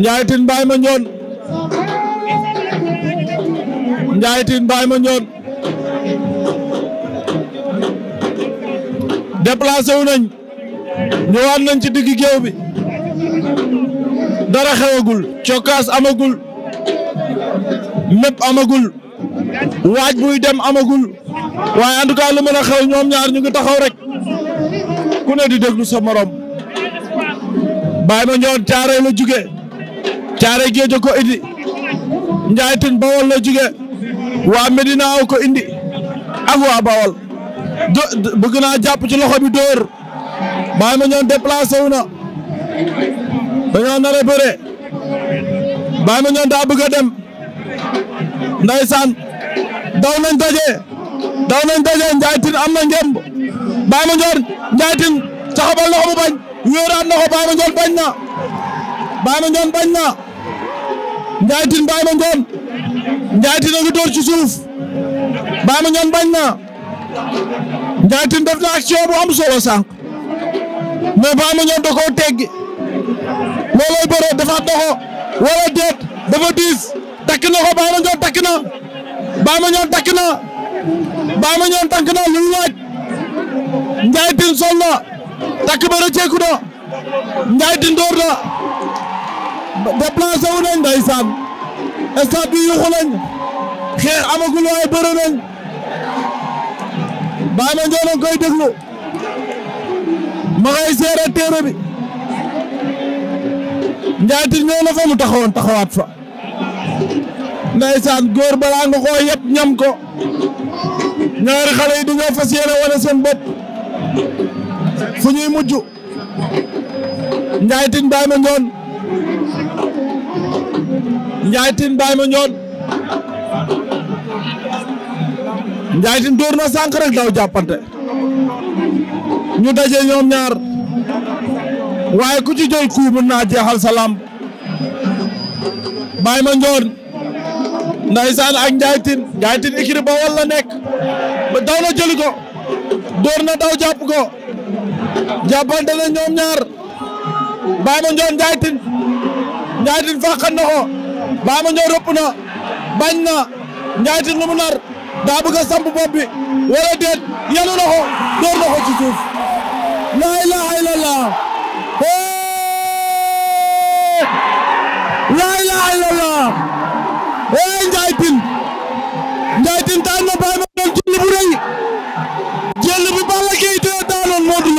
Njaay Tine Baye Ma Ndione Njaay Tine Baye Ma Ndione déplacé nañ nañ ci digg géew bi dara xewagul cokkaas amagul mépp amagul waaj buy dem amagul waaye en tout cas lu mën xew ñoom ñaar ñu ngi taxaw rek ku ne di déglu sa morom bàyyi ma ñoon caare la jugee caare géej ko indi Njaay Tine Bawol la jugee waa Medina ko indi ak waa Bawol do bëgg naa jàpp ci loxo bi dóor bàyyi ma ñoon déplacé wu dañoo nar a bëre Baye Mandione daa bëgg a dem daw nañ daje daw nañ daje Ndiaye am na ngemb Baye Mandione Ndiaye Tine taxabal na ko mu bañ wéeraat na ko Baye Mandione bañ na Baye Mandione bañ na Ndiaye Tine Baye Mandione Ndiaye Tine a ngi door ci suuf Baye bañ na Ndiaye Tine def na action bu am koo teggi loolooy bëre defaat na ko wala déet dafa diis takk na ko Baye Mandione takk na Baye Mandione lu laaj Ndiaye Tine sol na takk ba rëcceeku na Ndiaye Tine door na déplacé wu nañ ndeysaan stade bi yuxu nañ xeex ma ngay seere Ndiaye Tine ñëw na fa mu taxawoon taxawaat fa. Ndeysaan góor balaa nga koo ñam ko. ñaar xale yi dañoo fas yéene wane seen bopp. fu ñuy mujj. Ndiaye Tine Baye Mandione. Ndiaye Tine Baye Mandione. na sànq rek daw jàppante. ñu daje ñoom ñaar. waaye ku ci jël coup mën naa jeexal sa lamb Baye Mandione ndaysaan ak Ndiaye Tine Ndiaye ba walla nekk ba daw na jëli ko door na daw jàpp ko jàppante na ñoom ñaar Baye Mandione Ndiaye Tine Ndiaye Tine fàqan na ko Baye Mandione rëpp na bañ na Ndiaye Tine nar daa bëgg a samp bopp bi wala yanu na ko door na ko ci suuf la ilaha laa ilaaha illallaah ee Ndiaye Tine Ndiaye na Baye Mandione jël bu rëy jël bu Balla Gaye te daanoon Modou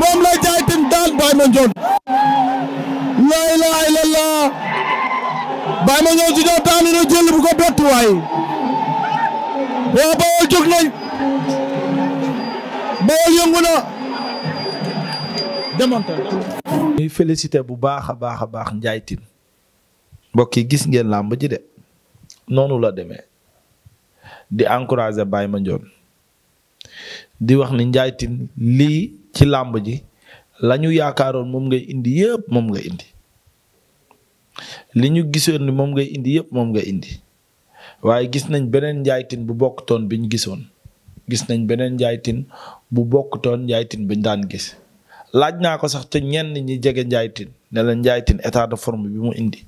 moom la Ndiaye Tine daan Baye Mandione laa ilaaha illallaah Baye Mandione junior daan na jël bu ko bett waay Bawol jóg nañ Bawol yëngu na
démonté ñuy félicité bu baax a baax a baax Ndiaye mbokk yi gis ngeen làmb ji de noonu la demee di encouragé ma Mandione di wax ni njaaytin lii ci làmb ji lañu yaakaaroon moom ngay indi yëpp moom nga indi li ñu gisoon ni moom ngay indi yëpp moom nga indi waaye gis nañ beneen njaaytin bu bokkutoon bi ñu gisoon gis nañ beneen njaaytin bu bokkutoon Ndiaye Tine bi daan gis laaj naa ko sax te ñenn ñi jege Ndiaye Tine ne la Ndiaye état de forme bi mu indi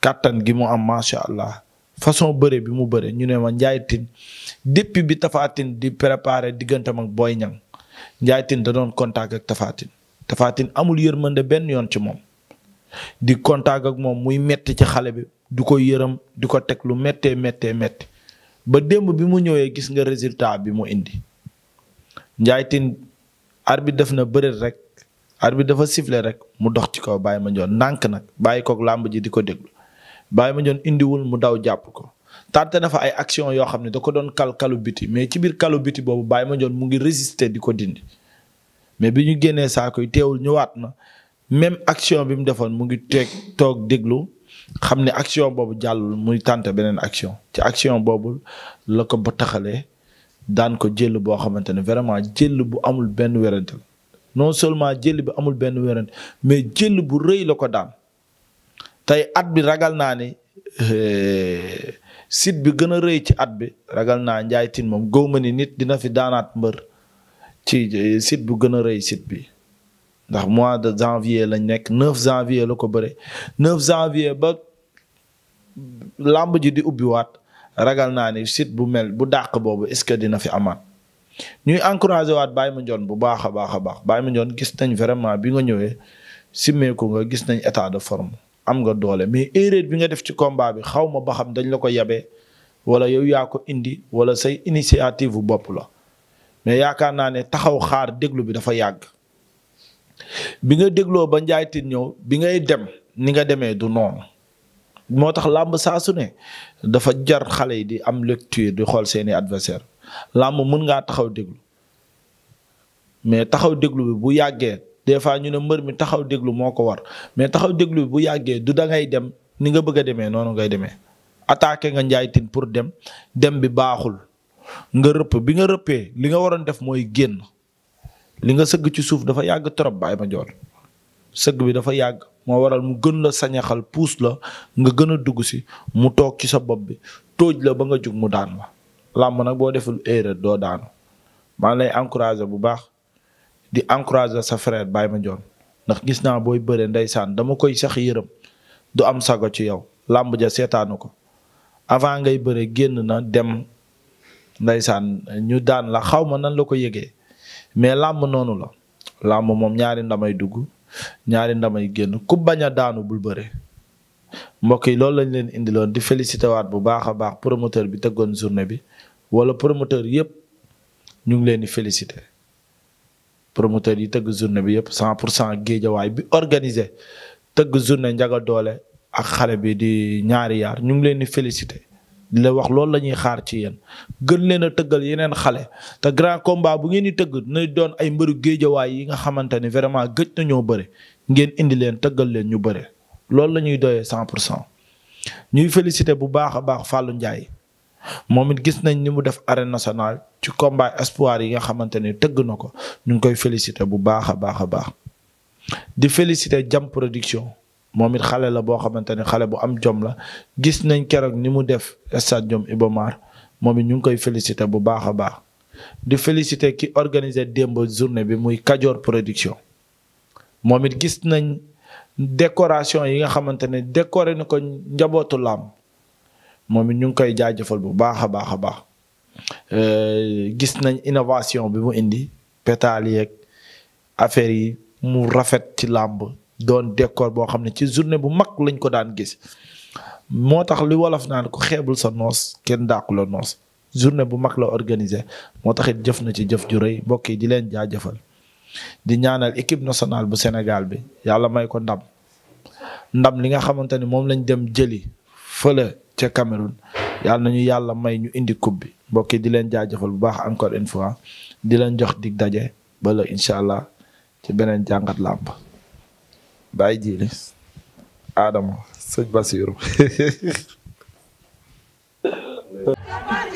kàttan gi mu am macha allah façon bëre bi mu bëre ñu ne ma Ndiaye Tine depuis bi Tapha di préparer digganteem ak booy Niang Ndiaye da doon contact ak tafaatin Tine amul yërmande benn yoon ci moom di contact ak moom muy metti ci xale bi du ko yërëm di ko teg lu méttee méttee métti ba démb bi mu ñëwee gis nga résultat bi mu indi Ndiaye bi def na bëreet rek bi dafa siffler rek mu dox ci ko bàyyi ma Mandione ndànk nag bàyyi kook làmb ji di ko déglu bàyyi ma Mandione indiwul mu daw jàpp ko. tànte na fa ay action yoo xam ne da ko doon kal kalu biti mais ci biir kalu biti boobu ma Mandione mu ngi résister di ko dindi mais bi ñu génnee saako yi teewul ñëwaat na même action bi mu defoon mu ngi teg toog déglu xam ne action boobu jàllul muy tànte beneen action ci action boobu la ko ba taxalee daan ko jël boo xamante ne vraiment jël bu amul benn wérante non seulement jël bi amul benn wérante mais jël bu rëy la ko daan tey at bi ragal naa ne eh, site bi gën a rëy ci at bi ragal naa Ndiaye Tine moom gëw ni nit dina fi daanaat mbër ci eh, site bu gën a rëy site bi ndax mois de janvier lañ nekk 9 janvier la ko bëre 9 janvier ba lamb ji di ubbiwaat. ragal naa ni site bu mel bu dàq boobu est-ce que dina fi amaat ñuy encouragé waat Baye Mandione bu baax a baax a baax Baye Mandione gis nañ vraiment bi nga ñëwee simmeeku nga gis nañ état de forme am nga doole mais erreur bi nga def ci combat bi xaw ma ba xam dañ la ko yabee wala yow yaa ko indi wala say initiative bu bopp la mais yaakaar naa ne taxaw xaar déglu bi dafa yàgg bi nga dégloo ba njaaytin ñëw bi ngay dem ni nga demee du noonu moo tax làmb saa su ne dafa jar xale yi di am lecture di xool seeni adversaire làmb mën ngaa taxaw déglu mais taxaw déglu bi bu yàggee des fois ñu ne mbër mi taxaw déglu moo ko war mais taxaw déglu bu yàggee du da ngay dem ni nga bëgg a demee noonu ngay demee attaqué nga njaay tin pour dem dem bi baaxul nga rëpp bi nga rëppee li nga waroon def mooy génn li nga sëgg ci suuf dafa yàgg trop bàyyi ma jool sëgg bi dafa yàgg moo waral mu gën la sañaxal puus la nga gën a dugg si mu toog ci sa bopp bi tóoj la ba nga jug mu daan la làmb nag boo deful erreur doo daanu maa lay encourager bu baax di encourager sa frère Baye Mandione ndax gis naa booy bëre ndeysaan dama koy sax yërëm du am sago ci yow làmb ja seetaanu ko avant ngay bëre génn na dem ndeysaan ñu daan la xaw ma nan la ko yëgee mais làmb noonu la làmb moom ñaari ndamay dugg ñaari ndamay génn ku bañ a daanu bul bëre mbokk yi loolu lañ leen indiloon di félicité waat bu baax a baax promoteur bi tëggoon journée bi wala promoteur yépp ñu ngi leen di félicité promoteur yi tëgg journée bi yépp cent pour cent géejawaay bi organisé tëgg journée njaga doole ak xale bi di ñaari yaar ñu ngi leen di félicité di wax loolu la ñuy xaar ci yéen gën leen a tëggal yeneen xale te grand combat bu ngeen di tëgg na doon ay mbëru géejawaay yi nga xamante ni vraiment gëj nañoo bëre ngeen indi leen tëggal leen ñu bëre loolu la ñuy doyee cent pour cent ñuy félicité bu baax a baax Fallou Ndiaye moom it gis nañ ni mu def arène national ci combat espoir yi nga xamante ne tëgg na ko ñu ngi koy félicité bu baax a baax a baax di félicité Jam Production moom it xale la boo xamante ne xale bu am jom la gis nañ keroog ni mu def stade jom Iba moom it ñu ngi koy féliciter bu baax a baax di féliciter ki organiser démb journée bi muy Kajoor production moom it gis nañ décoration yi nga xamante ne décoré na ko njabootu làmb moom it ñu ngi koy jaajëfal bu baax a baax a baax euh, gis nañ innovation bi mu indi pétale yeeg affaire yi mu rafet ci làmb don décor boo xam ne ci journée bu mag lañ ko daan gis moo tax li wolof naan ko xeebul sa noos kenn dàqu noos journée bu mag la organisé moo tax it jëf na ci jëf ju rëy mbokk yi di leen jaajëfal di ñaanal équipe nationale bu Sénégal bi yàlla may ko ndam ndam li nga xamante ni moom lañ dem jëli fële ca Cameroun yàlla nañu yàlla may ñu indi coupe bi mbokk yi di leen jaajëfal bu baax encore une fois di leen jox dig daje bala la incha allah ci beneen jàngat làmb Baye Jili Adama sëñ Basiru [LAUGHS]